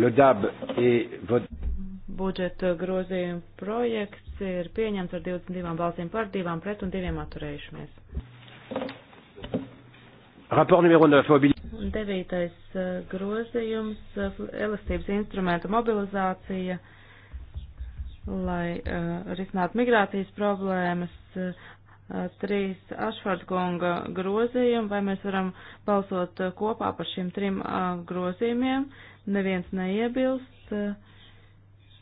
Le DAB et votre. Budžeta grozījuma projekts ir pieņemts ar 22 balsīm par, 2 pret un 2 atturējušamies. Rapport numero 9. Devītais eh, grozījums eh, - elastības instrumenta mobilizācija, lai uh, risinātu migrācijas problēmas. Uh, trīs Ašvardsgonga grozījumi, vai mēs varam balsot kopā par šiem trim uh, grozījumiem. Neviens neiebilst, uh,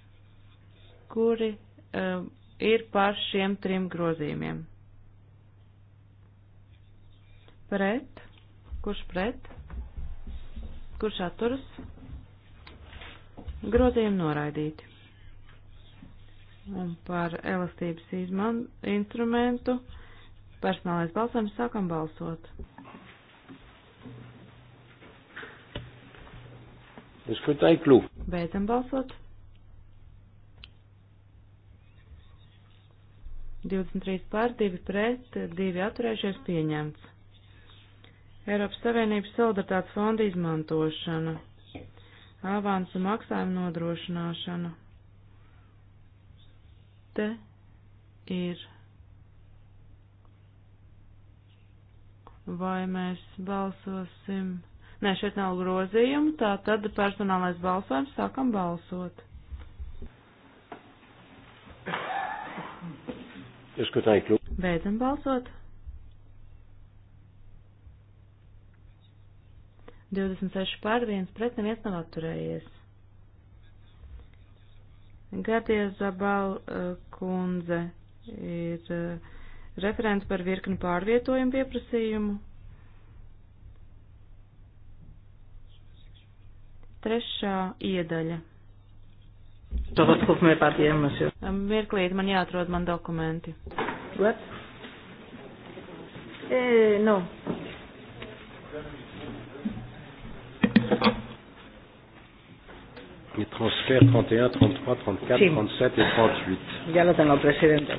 kuri uh, ir par šiem trim grozījumiem. Pret? Kurš pret? kurš atturas, grozījumi noraidīti. Un par elastības izman, instrumentu personālais balsojums sākam balsot. Es kaut kā iklu. Beidzam balsot. 23 pār, 2 pret, 2 atturējušies pieņemts. Eiropas Savienības solidaritātes fonda izmantošana, avansu maksājumu nodrošināšana. Te ir. Vai mēs balsosim? Nē, šeit nav grozījumu, tā tad personālais balsojums sākam balsot. Beidzam balsot. 26 pār 1 pret neviens nav atturējies. Gardie Zabal eh, kundze ir eh, referents par virkni pārvietojumu pieprasījumu. Trešā iedaļa. To atkopmē pārtiem mēs jau. Eh, mirklīt, man jāatrod man dokumenti. What? Eh, no. Y transfer 31, 33, 34, sí. 37 y 38. Ya lo tengo, presidente.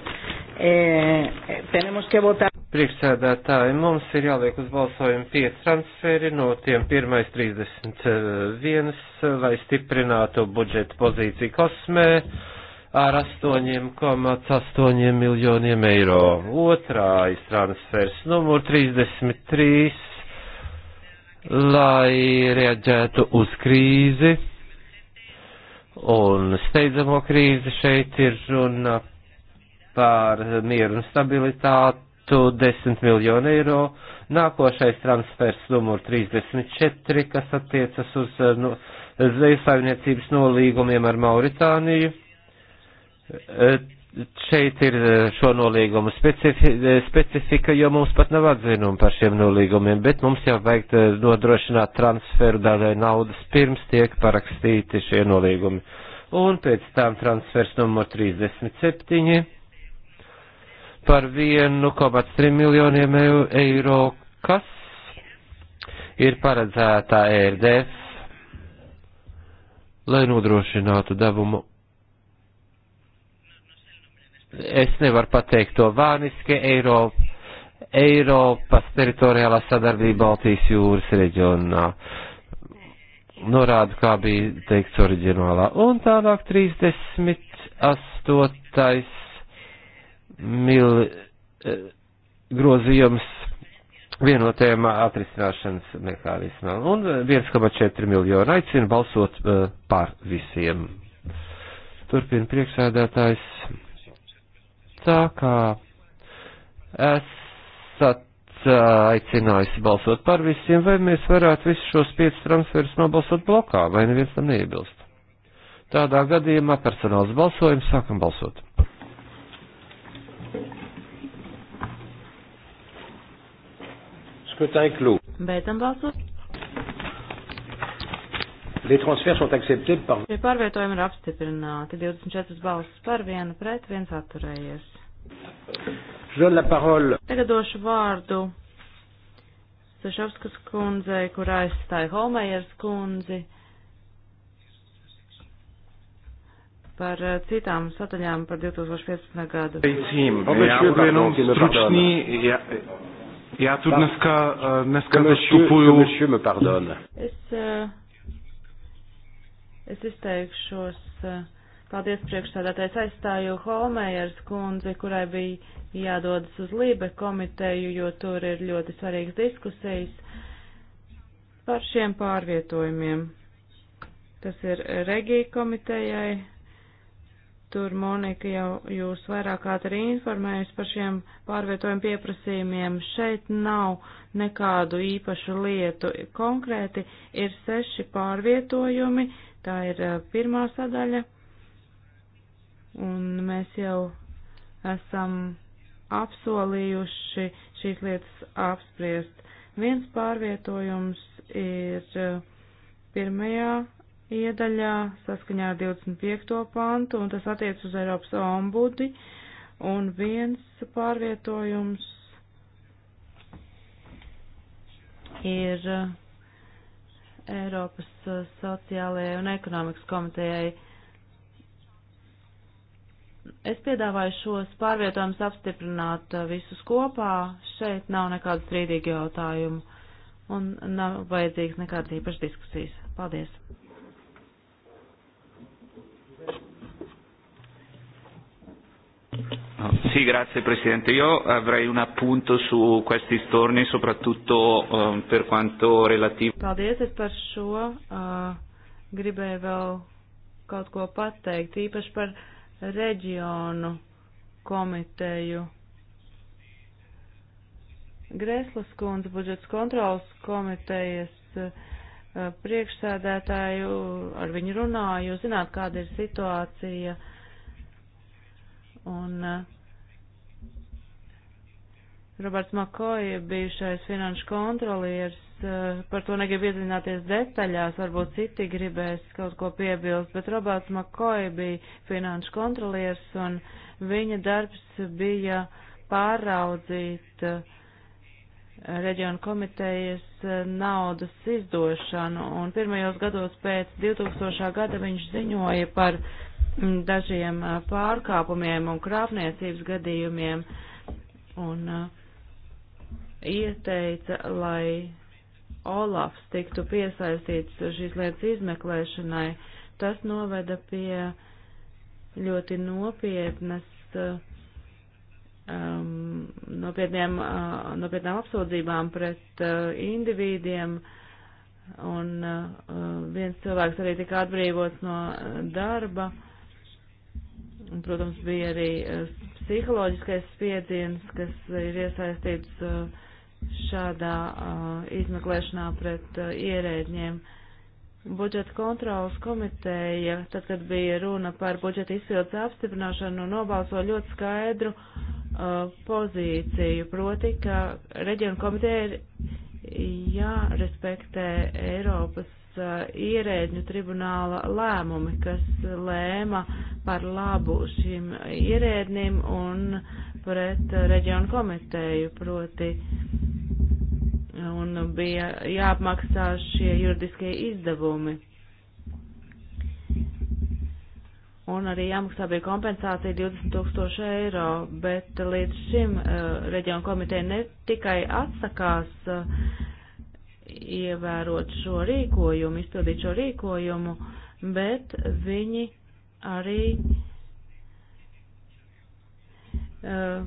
Eh, eh, tenemos que votar. Priekšsēdētāji, mums ir jāliek uz balsojumu pie transferi, no tiem pirmais 31, eh, eh, lai stiprinātu budžeta pozīciju kosmē ar 8,8 miljoniem eiro. Otrais transfers numur 33 lai reaģētu uz krīzi, un steidzamo krīzi šeit ir runa par mieru un stabilitātu 10 miljonu eiro, nākošais transfers numur 34, kas attiecas uz eh, no, nu, zvejas saimniecības nolīgumiem ar Mauritāniju. Et, eh, šeit ir e, šo nolīgumu specifi, e, specifika, jo mums pat nav atzinuma par šiem nolīgumiem, bet mums jau vajag e, nodrošināt transferu daļai naudas pirms tiek parakstīti šie nolīgumi. Un pēc tam transfers numur 37 par 1,3 miljoniem eiro, kas ir paredzētā ERDF, lai nodrošinātu devumu es nevaru pateikt to vāniski, Eiropa, Eiropas teritoriālā sadarbība Baltijas jūras reģionā. Norāda, kā bija teikts oriģinālā. Un tālāk 38. mil eh, grozījums vienotējumā atrisināšanas mehānismam. Un 1,4 miljonu aicina balsot uh, par visiem. Turpina priekšsēdētājs tā kā esat aicinājusi balsot par visiem, vai mēs varētu visus šos piecus transferus nobalsot blokā, vai neviens tam neiebilst. Tādā gadījumā personāls balsojums sākam balsot. Beidzam balsot. Šie pārvietojumi ir apstiprināti. 24 balsis par, viena pret, viens atturējies. Tagad došu vārdu Sešovskas kundzei, kur aizstāja Holmejers kundzi par eh, citām sataļām par 2015. gadu. Jā, uvienam stručný, jā, jā tu dneska, eh, dneska zastupuju. Es uh, Es izteikšos, eh, paldies priekšstādātais aizstāju Holmējers kundzi, kurai bija jādodas uz Lībe komiteju, jo tur ir ļoti svarīgas diskusijas par šiem pārvietojumiem. Tas ir Regija komitejai. Tur Monika jau jūs vairāk kā arī informējusi par šiem pārvietojumu pieprasījumiem. Šeit nav nekādu īpašu lietu. Konkrēti ir seši pārvietojumi, uh, Tā ir pirmā sadaļa, un mēs jau esam apsolījuši šīs lietas apspriest. Viens pārvietojums ir pirmajā iedaļā saskaņā ar 25. pantu, un tas attiec uz Eiropas ombudi, un viens pārvietojums ir uh, Eiropas uh, sociālajai un ekonomikas komitejai. Es piedāvāju šos pārvietojumus apstiprināt uh, visus kopā. Šeit nav nekādu strīdīgu jautājumu un nav vajadzīgs nekādas īpašas diskusijas. Paldies! Sì, grazie Presidente. Io avrei un appunto su questi storni, soprattutto um, per quanto relativo. Paldies, es par šo uh, gribēju vēl kaut ko pateikt, īpaši par reģionu komiteju. Greslas kundze budžets kontrolas komitejas eh, priekšsēdētāju, ar viņu runāju, zināt, kāda ir situācija uh, Un eh, Roberts Makoja, bijušais finanšu kontrolieris, eh, par to negrib iedzināties detaļās, varbūt citi gribēs kaut ko piebilst, bet Roberts Makoja bija finanšu kontrolieris un viņa darbs bija pāraudzīt eh, reģionu komitejas naudas izdošanu, un pirmajos gados pēc 2000. gada viņš ziņoja par dažiem pārkāpumiem un krāpniecības gadījumiem un ieteica, lai Olafs tiktu piesaistīts šīs lietas izmeklēšanai. Tas noveda pie ļoti nopietnas, um, nopietniem, uh, nopietnām apsūdzībām pret uh, individiem, un uh, viens cilvēks arī tika atbrīvots no darba. Uh, Un, protams, bija arī eh, psiholoģiskais spiedziens, kas ir iesaistīts eh, šādā eh, izmeklēšanā pret ierēģiem. Budžeta kontrolas komiteja, tad, kad bija runa par budžeta izpildes apstiprināšanu, nu, nobalso ļoti skaidru uh, pozīciju, proti, ka reģionu komiteja ir jārespektē Eiropas Uh, ierēģu tribunāla lēmumi, kas lēma par labu šim ierēdnim un pret reģionu komiteju, proti, un bija jāapmaksā šie juridiskie izdevumi. Un arī jāmaksā bija kompensācija 20 tūkstoši eiro, bet līdz šim uh, reģionu komiteja ne tikai atsakās uh, ievērot šo rīkojumu, izpildīt šo rīkojumu, bet viņi arī uh,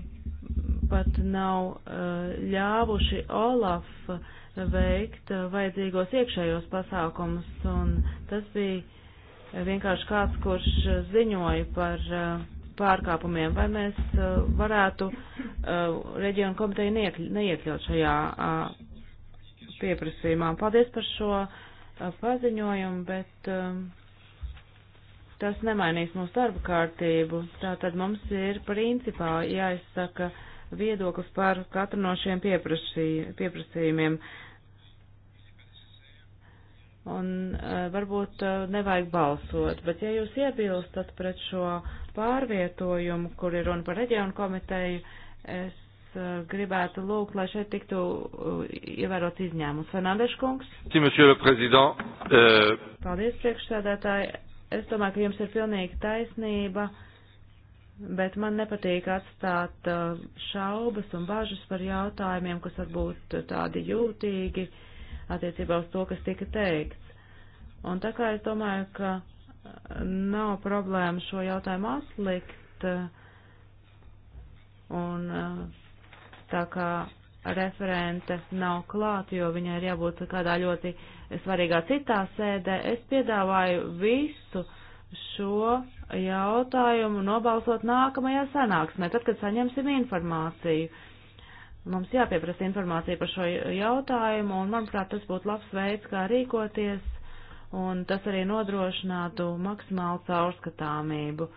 pat nav uh, ļāvuši Olaf veikt uh, vajadzīgos iekšējos pasākumus, un tas bija vienkārši kāds, kurš ziņoja par eh, pārkāpumiem, vai mēs varētu reģionu komiteju neiekļaut šajā pieprasījumām. Paldies par šo paziņojumu, bet tas nemainīs mūsu darba kārtību. Tātad mums ir principā jāizsaka viedoklis par katru no šiem pieprasī, pieprasījumiem. Un uh, varbūt uh, nevajag balsot, bet ja jūs iebilstat pret šo pārvietojumu, kur ir runa par reģionu komiteju, es Eh, gribētu lūgt, lai šeit tiktu eh, ievērots izņēmums. Fernandeša kungs. Eh, Paldies, priekšsēdētāji. Es domāju, ka jums ir pilnīga taisnība, bet man nepatīk atstāt šaubas un bažas par jautājumiem, kas varbūt tādi jūtīgi attiecībā uz to, kas tika teikts. Un tā kā es domāju, ka nav problēma šo jautājumu atlikt un tā kā referente nav klāt, jo viņai ir jābūt kādā ļoti svarīgā citā sēdē. Es piedāvāju visu šo jautājumu nobalsot nākamajā sanāksmē, tad, kad saņemsim informāciju. Mums jāpieprasa informācija par šo jautājumu, un, manuprāt, tas būtu labs veids, kā rīkoties, un tas arī nodrošinātu maksimālu caurskatāmību.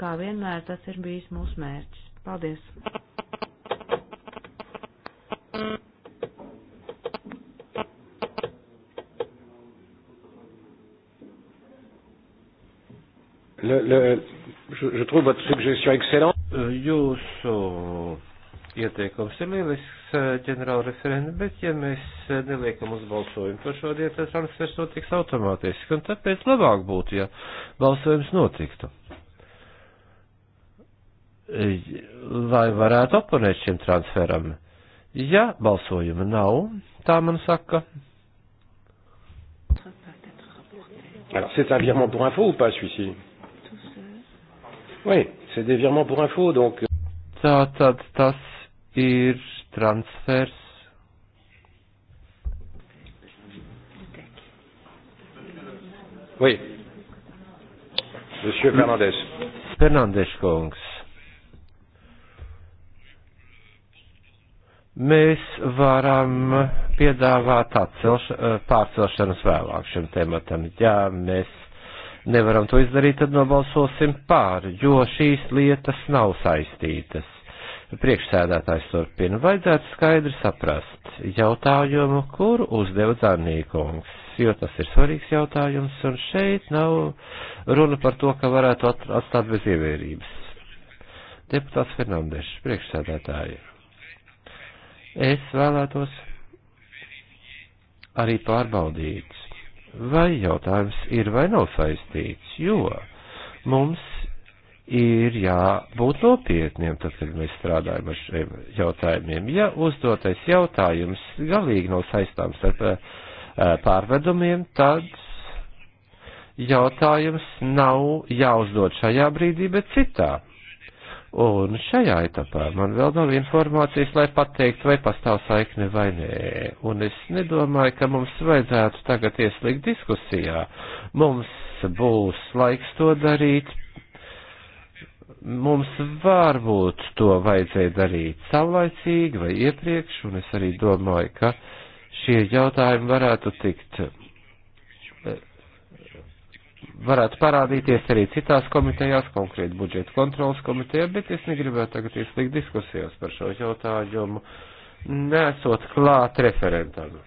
Kā vienmēr tas ir bijis mūsu mērķis. Paldies! Le, le, je, je trouve votre suggestion excellente. Jūsu ieteikums ir lielisks eh, ģenerāla referenda, bet ja mēs eh, neliekam uz balsojumu par šo diētu, tad transfers notiks automātiski, un tāpēc labāk būtu, ja balsojums notiktu. Lai eh, varētu oponēt šim transferam. Uh, Ja balsojuma nav, tā man saka. Alors, c'est un virement pour info ou pas celui-ci Oui, c'est des virements pour info, donc. Euh, Tātad tas ir transfers. Oui. Monsieur Fernandez. Fernandes kungs. mēs varam piedāvāt atcelš, pārcelšanas vēlāk šim tematam. Ja mēs nevaram to izdarīt, tad nobalsosim pār, jo šīs lietas nav saistītas. Priekšsēdētājs turpina, vajadzētu skaidri saprast jautājumu, kuru uzdeva Zanīkungs, jo tas ir svarīgs jautājums, un šeit nav runa par to, ka varētu atstāt bez ievērības. Deputāts Fernandešs, priekšsēdētāji. Es vēlētos arī pārbaudīt, vai jautājums ir vai nav saistīts, jo mums ir jābūt nopietniem, tad, kad mēs strādājam ar šiem jautājumiem. Ja uzdotais jautājums galīgi nav saistāms ar eh, pārvedumiem, tad jautājums nav jāuzdod šajā brīdī, bet citā. Un šajā etapā man vēl nav informācijas, lai pateiktu, vai pastāv saikne vai nē. Un es nedomāju, ka mums vajadzētu tagad ieslīgt diskusijā. Mums būs laiks to darīt. Mums varbūt to vajadzēja darīt saulaicīgi vai iepriekš, un es arī domāju, ka šie jautājumi varētu tikt varētu parādīties arī citās komitejās, konkrēti budžeta kontrolas komitejā, bet es negribētu tagad ieslīgt diskusijās par šo jautājumu, nesot klāt referentam.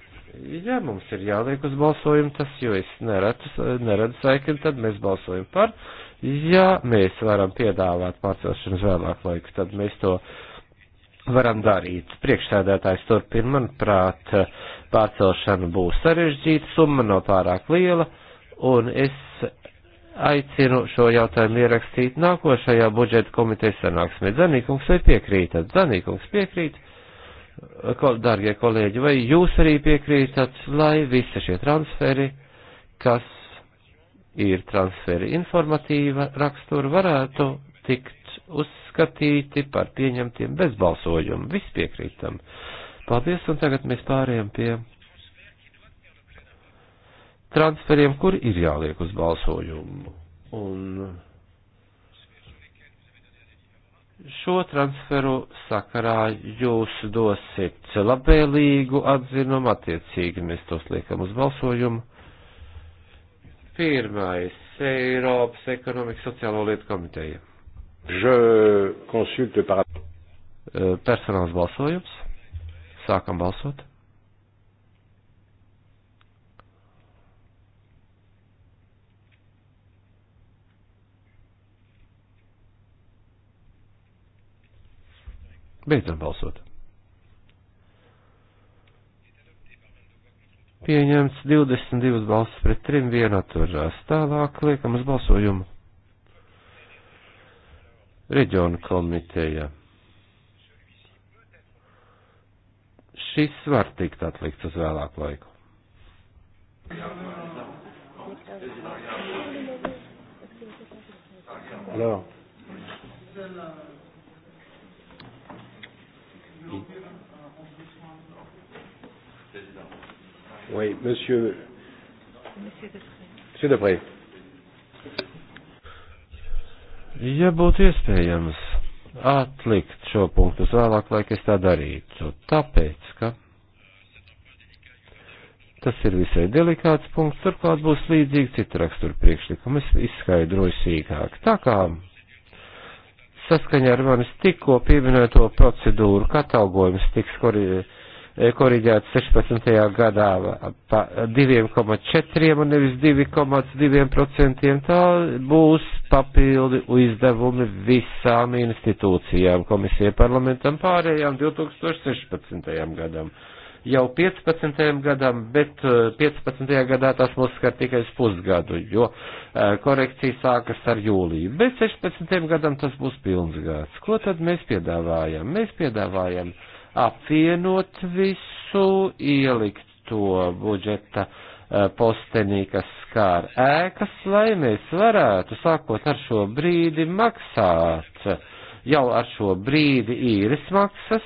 Ja mums ir jāliek uz balsojumu tas, jo es neredzu, neredzu saikni, tad mēs balsojam par. Ja mēs varam piedāvāt pārcelšanu uz vēlāku laiku, tad mēs to varam darīt. Priekšsēdētājs turpina, manuprāt, pārcelšana būs sarežģīta, summa nav no pārāk liela, un es aicinu šo jautājumu ierakstīt nākošajā budžeta komitejas sanāksmē. Zanīkungs vai piekrītat? Zanīkungs piekrīt. Ko, dārgie kolēģi, vai jūs arī piekrītat, lai visi šie transferi, kas ir transferi informatīva rakstura, varētu tikt uzskatīti par pieņemtiem bez balsojuma? Viss piekrītam. Paldies, un tagad mēs pārējām pie transferiem, kur ir jāliek uz balsojumu. Un šo transferu sakarā jūs dosiet labēlīgu atzinumu, attiecīgi mēs tos liekam uz balsojumu. Pirmais - Eiropas ekonomikas sociālo lietu komiteja. Je consulte par... Eh, personāls balsojums. Sākam balsot. Beidzam balsot. Pieņemts 22 balsis pret 3, 1 atturās. Tālāk liekam uz balsojumu. Reģionu komiteja. Šis var tikt atlikts uz vēlāku laiku. Hello. Oui, monsieur. Monsieur Depré. Ja būtu iespējams atlikt šo punktu uz vēlāk, lai es tā darītu, tāpēc, ka tas ir visai delikāts punkts, turklāt būs līdzīgi cita rakstura priekšlikuma, es izskaidroju sīkāk. Tā kā saskaņā ar manis tikko pieminēto procedūru katalgojums tiks korīdēts korģēts 16. gadā pa 2,4 un nevis 2,2%. Tā būs papildi izdevumi visām institūcijām, komisijai parlamentam pārējām 2016. gadam jau 15. gadam, bet 15. Eh, gadā tas mūs skar tikai uz pusgadu, jo eh, korekcija sākas ar jūliju. Bet 16. gadam tas būs pilns gads. Ko tad mēs piedāvājam? Mēs piedāvājam apvienot visu, ielikt to budžeta eh, postenī, kas skār ēkas, lai mēs varētu sākot ar šo brīdi maksāt jau ar šo brīdi īres maksas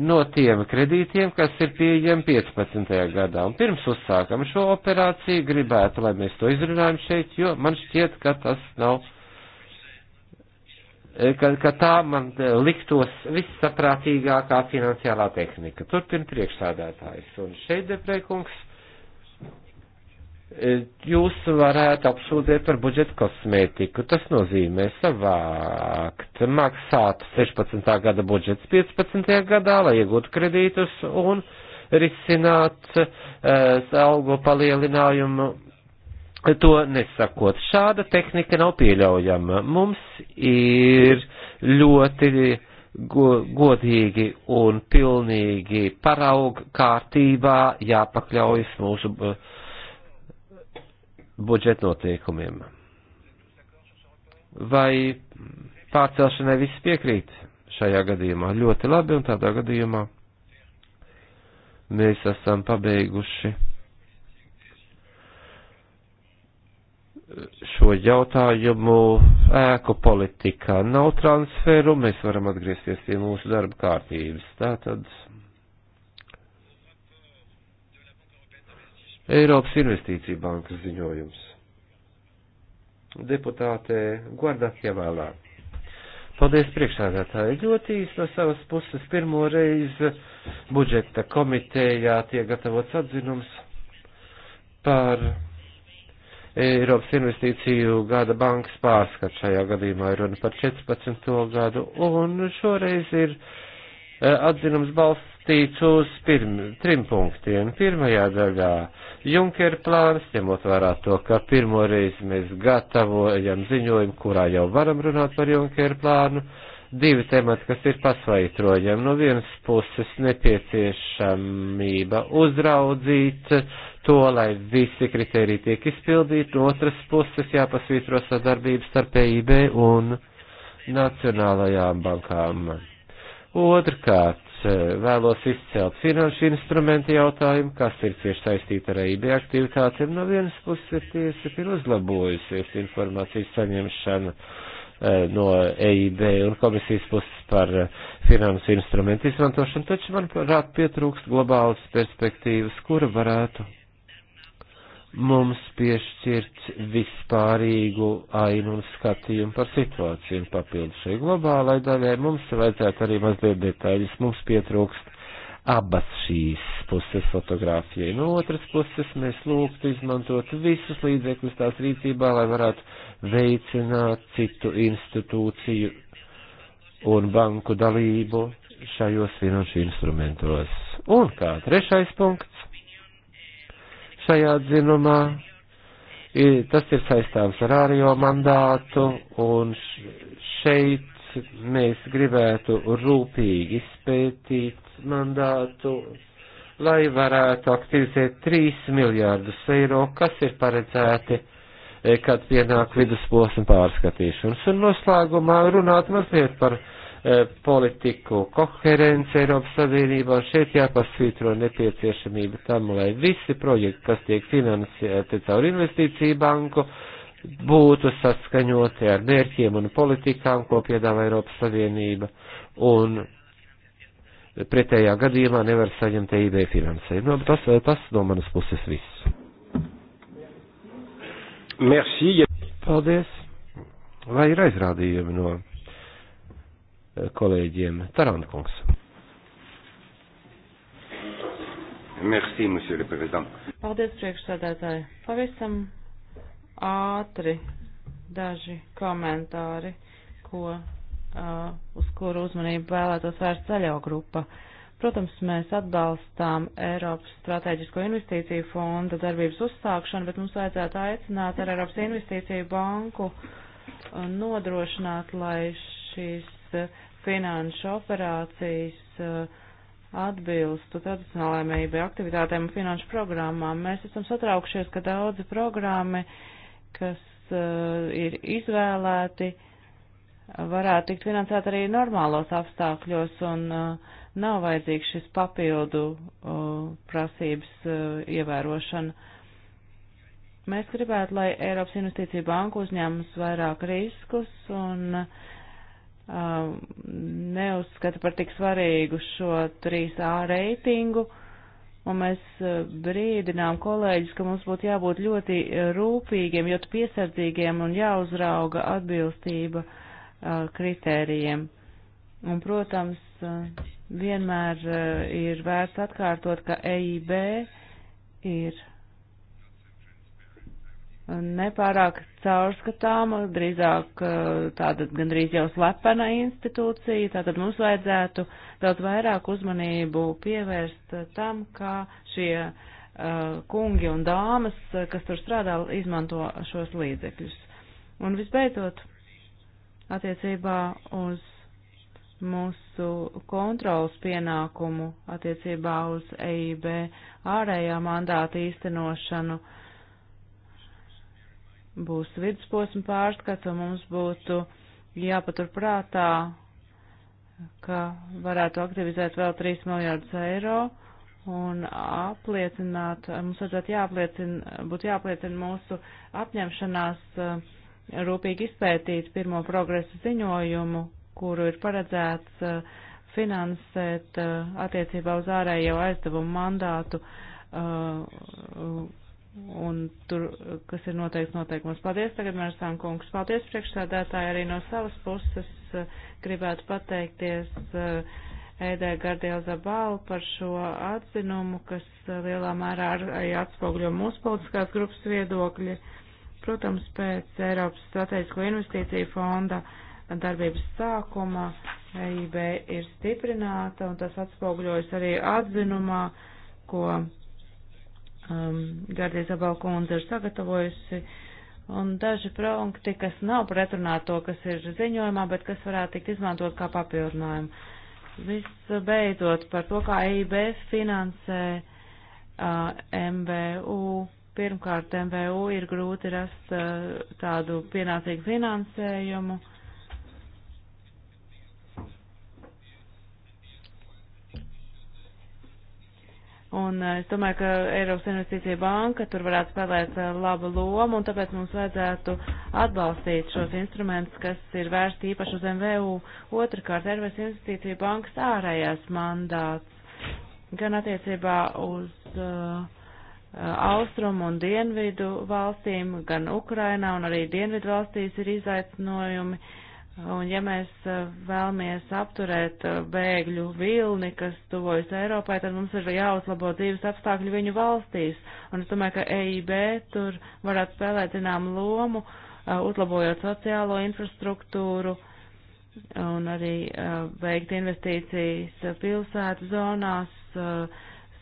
no tiem kredītiem, kas ir pieejami 15. gadā. Un pirms uzsākam šo operāciju, gribētu, lai mēs to izrunājam šeit, jo man šķiet, ka tas nav, e, ka, ka tā man liktos vissaprātīgākā finansiālā tehnika. Turpin priekšsādātājs. Un šeit, deprēkungs E, jūs varētu apsūdzēt par budžeta kosmētiku. Tas nozīmē savākt, maksāt 16. gada budžets 15. gadā, lai iegūtu kredītus un risināt uh, algu palielinājumu. To nesakot, šāda tehnika nav pieļaujama. Mums ir ļoti go godīgi un pilnīgi paraug kārtībā jāpakļaujas mūsu uh, budžeta noteikumiem. Vai pārcelšanai viss piekrīt šajā gadījumā? Ļoti labi, un tādā gadījumā mēs esam pabeiguši šo jautājumu ēku politikā. Nav transferu, mēs varam atgriezties pie mūsu darba kārtības. Tātad. Eiropas Investīcija bankas ziņojums. Deputāte Guardat Javēlā. Paldies priekšsādātāji. Ļoti īsti no savas puses pirmo reizi budžeta komitejā tiek gatavots atzinums par Eiropas investīciju gada bankas pārskatu. Šajā gadījumā ir runa par 14. gadu un šoreiz ir eh, atzinums balsts balstīts uz pirm, trim punktiem. Pirmajā daļā Junker plāns, ņemot vērā to, ka pirmo reizi mēs gatavojam ziņojumu, kurā jau varam runāt par Junker plānu. Divi temati, kas ir pasvaitrojami. No vienas puses nepieciešamība uzraudzīt to, lai visi kriteriji tiek izpildīti, no otras puses jāpasvītro sadarbības starp EIB un Nacionālajām bankām. Otrkārt, Eh, vēlos izcelt finanšu instrumentu jautājumu, kas ir cieši saistīta ar EIB aktivitātēm. No vienas puses ir tiesa, ir uzlabojusies informācijas saņemšana eh, no EIB un komisijas puses par eh, finansu instrumentu izmantošanu, taču, manuprāt, pietrūkst globālas perspektīvas, kura varētu mums piešķirt vispārīgu ainu un skatījumu par situāciju un papildus šai globālai daļai. Mums vajadzētu arī mazliet detaļus, mums pietrūkst abas šīs puses fotografijai. No otras puses mēs lūgtu izmantot visus līdzekļus tās rīcībā, lai varētu veicināt citu institūciju un banku dalību šajos finanšu instrumentos. Un kā trešais punkts šajā dzinumā. Tas ir saistāms ar ārējo mandātu, un šeit mēs gribētu rūpīgi izpētīt mandātu, lai varētu aktivizēt 3 miljārdus eiro, kas ir paredzēti, e, kad pienāk vidusposma pārskatīšanas. Un noslēgumā runāt mazliet par E, politiku koherence Eiropas Savienībā. Šeit jāpasvītro nepieciešamība tam, lai visi projekti, kas tiek finansēti caur investīciju banku, būtu saskaņoti ar mērķiem un politikām, ko piedāvā Eiropas Savienība. Un pretējā gadījumā nevar saņemt EIB finansējumu. No, nu, tas, tas no manas puses viss. Merci. Paldies. Vai ir aizrādījumi no kolēģiem. Tarantkungs. Merci, monsieur le président. Paldies, priekšsēdētāji. Pavisam ātri daži komentāri, ko, uh, uz kuru uzmanību vēlētos vērst zaļo grupa. Protams, mēs atbalstām Eiropas strateģisko investīciju fonda darbības uzsākšanu, bet mums vajadzētu aicināt ar Eiropas investīciju banku nodrošināt, lai šīs uh, finanšu operācijas uh, atbilstu tradicionālajām EIB aktivitātēm un finanšu programmām. Mēs esam satraukšies, ka daudzi programmi, kas uh, ir izvēlēti, varētu tikt finansēti arī normālos apstākļos un uh, nav vajadzīgs šis papildu prasības ievērošana. Mēs gribētu, lai Eiropas Investīcija Banka uzņēmas vairāk riskus un uh, Um, neuzskata par tik svarīgu šo 3A reitingu, un mēs uh, brīdinām kolēģis, ka mums būtu jābūt ļoti uh, rūpīgiem, ļoti piesardzīgiem un jāuzrauga atbilstība uh, kritērijiem. Un, protams, vienmēr ir vērts atkārtot, ka EIB ir nepārāk caurskatāma, drīzāk eh, tāda gandrīz jau slepena institūcija, tātad mums vajadzētu daudz vairāk uzmanību pievērst eh, tam, kā šie eh, kungi un dāmas, kas tur strādā, izmanto šos līdzekļus. Un visbeidzot, attiecībā uz mūsu kontrolas pienākumu, attiecībā uz EIB ārējā mandāta īstenošanu, uh, būs vidusposma pārskats, un mums būtu jāpaturprātā, ka varētu aktivizēt vēl 3 miljārdus eiro un apliecināt, mums vajadzētu jāapliecina, būtu jāapliecina mūsu apņemšanās eh, rūpīgi izpētīt pirmo progresu ziņojumu, kuru ir paredzēts eh, finansēt eh, attiecībā uz ārējo aizdevumu mandātu un tur, kas ir noteikts noteikums. Paldies, tagad Mērsāna kungs. Paldies, priekšsādātāji, arī no savas puses eh, gribētu pateikties eh, Ēdē Gardiela Zabalu par šo atzinumu, kas eh, lielā mērā arī atspogļo mūsu politiskās grupas viedokļi. Protams, pēc Eiropas Strateģisko investīciju fonda darbības sākuma EIB ir stiprināta, un tas atspogļojas arī atzinumā, ko um, Gardija Zabalkundze ir sagatavojusi, un daži pronkti, kas nav pretrunā to, kas ir ziņojumā, bet kas varētu tikt izmantot kā papildinājumu. Viss beidzot par to, kā EIB finansē uh, MVU. Pirmkārt, MVU ir grūti rast uh, tādu pienācīgu finansējumu. Uh, Un eh, es domāju, ka Eiropas Investīcija banka tur varētu spēlēt eh, labu lomu, un tāpēc mums vajadzētu atbalstīt šos instrumentus, kas ir vērsti īpaši uz MVU. Otrakārt, Eiropas Investīcija bankas ārējās mandāts, gan attiecībā uz uh, austrumu un dienvidu valstīm, gan Ukrainā un arī dienvidu valstīs ir izaicinojumi. Uh, Un ja mēs e, vēlamies apturēt e, bēgļu vilni, kas tuvojas Eiropai, tad mums ir jāuzlabo dzīves apstākļi viņu valstīs. Un es domāju, ka EIB tur varētu spēlēt zinām lomu, e, uzlabojot sociālo infrastruktūru un arī veikt investīcijas pilsētu zonās,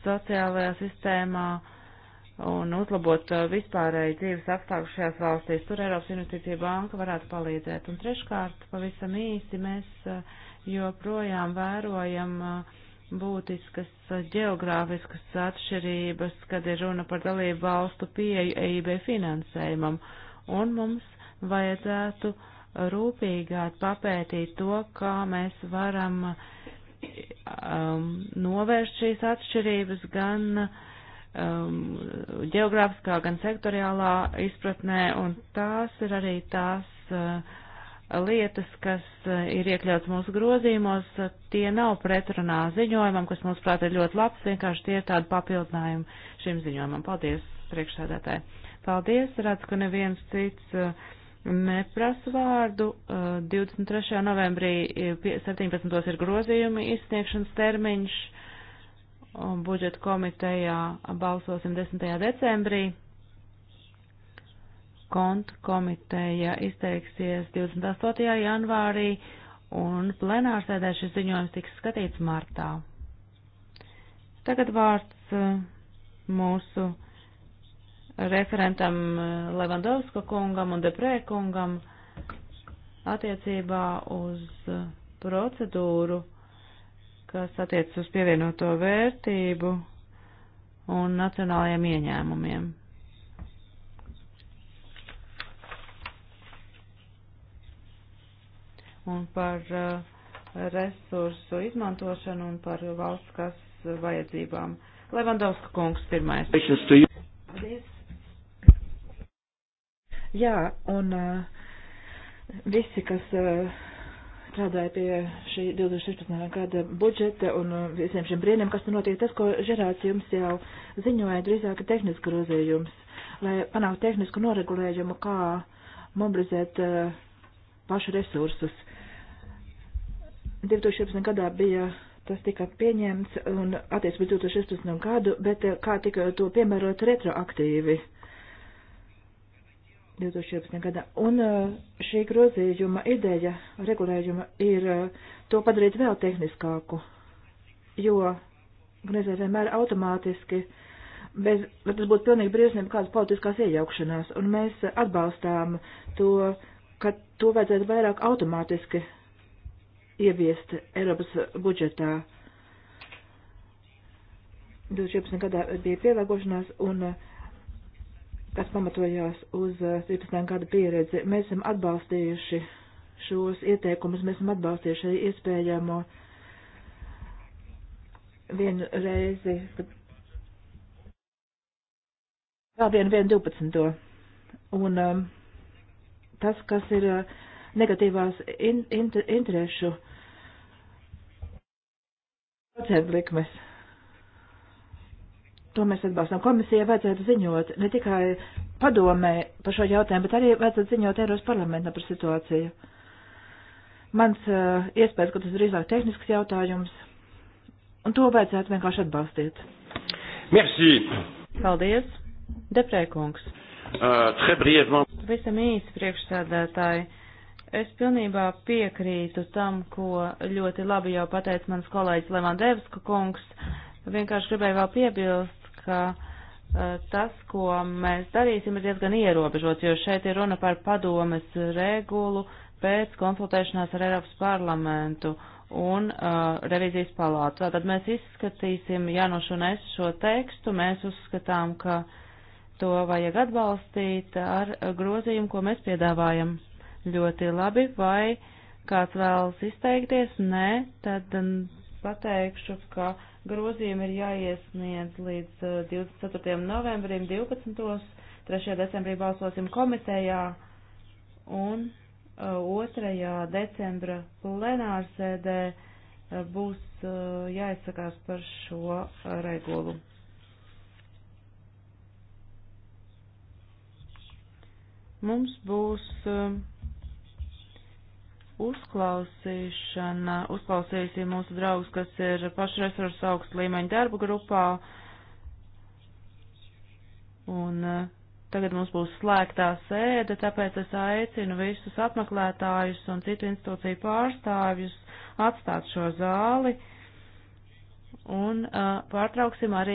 sociālajā sistēmā un uzlabot uh, vispārēji dzīves apstākļus šajās valstīs. Tur Eiropas Investīcija banka varētu palīdzēt. Un treškārt, pavisam īsi, mēs uh, joprojām vērojam uh, būtiskas geogrāfiskas atšķirības, kad ir runa par dalību valstu pieeju EIB finansējumam. Un mums vajadzētu rūpīgāk papētīt to, kā mēs varam um, novērst šīs atšķirības gan uh, um, geogrāfiskā, gan sektoriālā izpratnē, un tās ir arī tās uh, lietas, kas uh, ir iekļauts mūsu grozījumos. Tie nav pretrunā ziņojumam, kas mums prāt ir ļoti labs, vienkārši tie ir tādi papildinājumi šim ziņojumam. Paldies, priekšsēdētāji. Paldies, redz, ka neviens cits. Uh, Neprasu vārdu. Uh, 23. novembrī 17. Uh, ir grozījumi izsniegšanas termiņš un budžeta komitejā balsosim 10. decembrī. Kontu komiteja izteiksies 28. janvārī un plenārsēdē šis ziņojums tiks skatīts martā. Tagad vārds uh, mūsu referentam uh, Levandovska kungam un Deprē kungam attiecībā uz uh, procedūru kas attiecas uz pievienoto vērtību un nacionālajiem ieņēmumiem. Un par uh, resursu izmantošanu un par valsts kas vajadzībām. Levandovska kungs pirmais. Paldies. Jā, un uh, visi, kas uh, strādāju pie šī 2016. gada budžeta un uh, visiem šiem brīniem, kas tur notiek. Tas, ko Žerāts jums jau ziņoja, drīzāk ir tehniski grozījums, lai panāktu tehnisku noregulējumu, kā mobilizēt uh, pašu resursus. 2016. gadā bija tas tika pieņemts un attiecībā 2016. gadu, bet uh, kā tika to piemērot retroaktīvi 2014. gadā. Un uh, šī grozījuma ideja, regulējuma ir uh, to padarīt vēl tehniskāku, jo Grezē vienmēr automātiski, bez, bet tas būtu pilnīgi briesmīgi kādas politiskās iejaukšanās, un mēs atbalstām to, ka to vajadzētu vairāk automātiski ieviest Eiropas budžetā. 2014. gadā bija pielāgošanās, un uh, kas pamatojās uz 17. Eh, gada pieredzi. Mēs esam atbalstījuši šos ieteikumus, mēs esam atbalstījuši arī iespējamo vienu reizi, vēl vienu, vienu 12. Un um, tas, kas ir eh, negatīvās in, in, interešu procentu likmes to mēs atbalstam. Komisijai vajadzētu ziņot ne tikai padomē par šo jautājumu, bet arī vajadzētu ziņot Eiros parlamentā par situāciju. Mans uh, iespējas, ka tas drīzāk tehnisks jautājums, un to vajadzētu vienkārši atbalstīt. Merci! Paldies! Deprēkungs! Uh, eh, Visam īsi priekšsēdētāji. Es pilnībā piekrītu tam, ko ļoti labi jau pateica mans kolēģis Levandevska kungs. Vienkārši gribēju vēl piebilst, ka eh, tas, ko mēs darīsim, ir diezgan ierobežots, jo šeit ir runa par padomes regulu pēc konsultēšanās ar Eiropas parlamentu un uh, eh, revizijas palātu. Tātad mēs izskatīsim Januš un es šo tekstu, mēs uzskatām, ka to vajag atbalstīt ar grozījumu, ko mēs piedāvājam. Ļoti labi, vai kāds vēlas izteikties? Nē, tad pateikšu, ka Grozījumi ir jāiesniedz līdz 24. Uh, novembrim 12. 3. decembrī balsosim komitejā un 2. Uh, decembra plenārsēdē uh, būs jāizsakās par šo regulu. Mums būs uh, uzklausīšana. Uzklausīsim mūsu draugus, kas ir pašresursu augstu līmeņu darba grupā. Un eh, tagad mums būs slēgtā sēde, tāpēc es aicinu visus apmeklētājus un citu institūciju pārstāvjus atstāt šo zāli un uh, pārtrauksim arī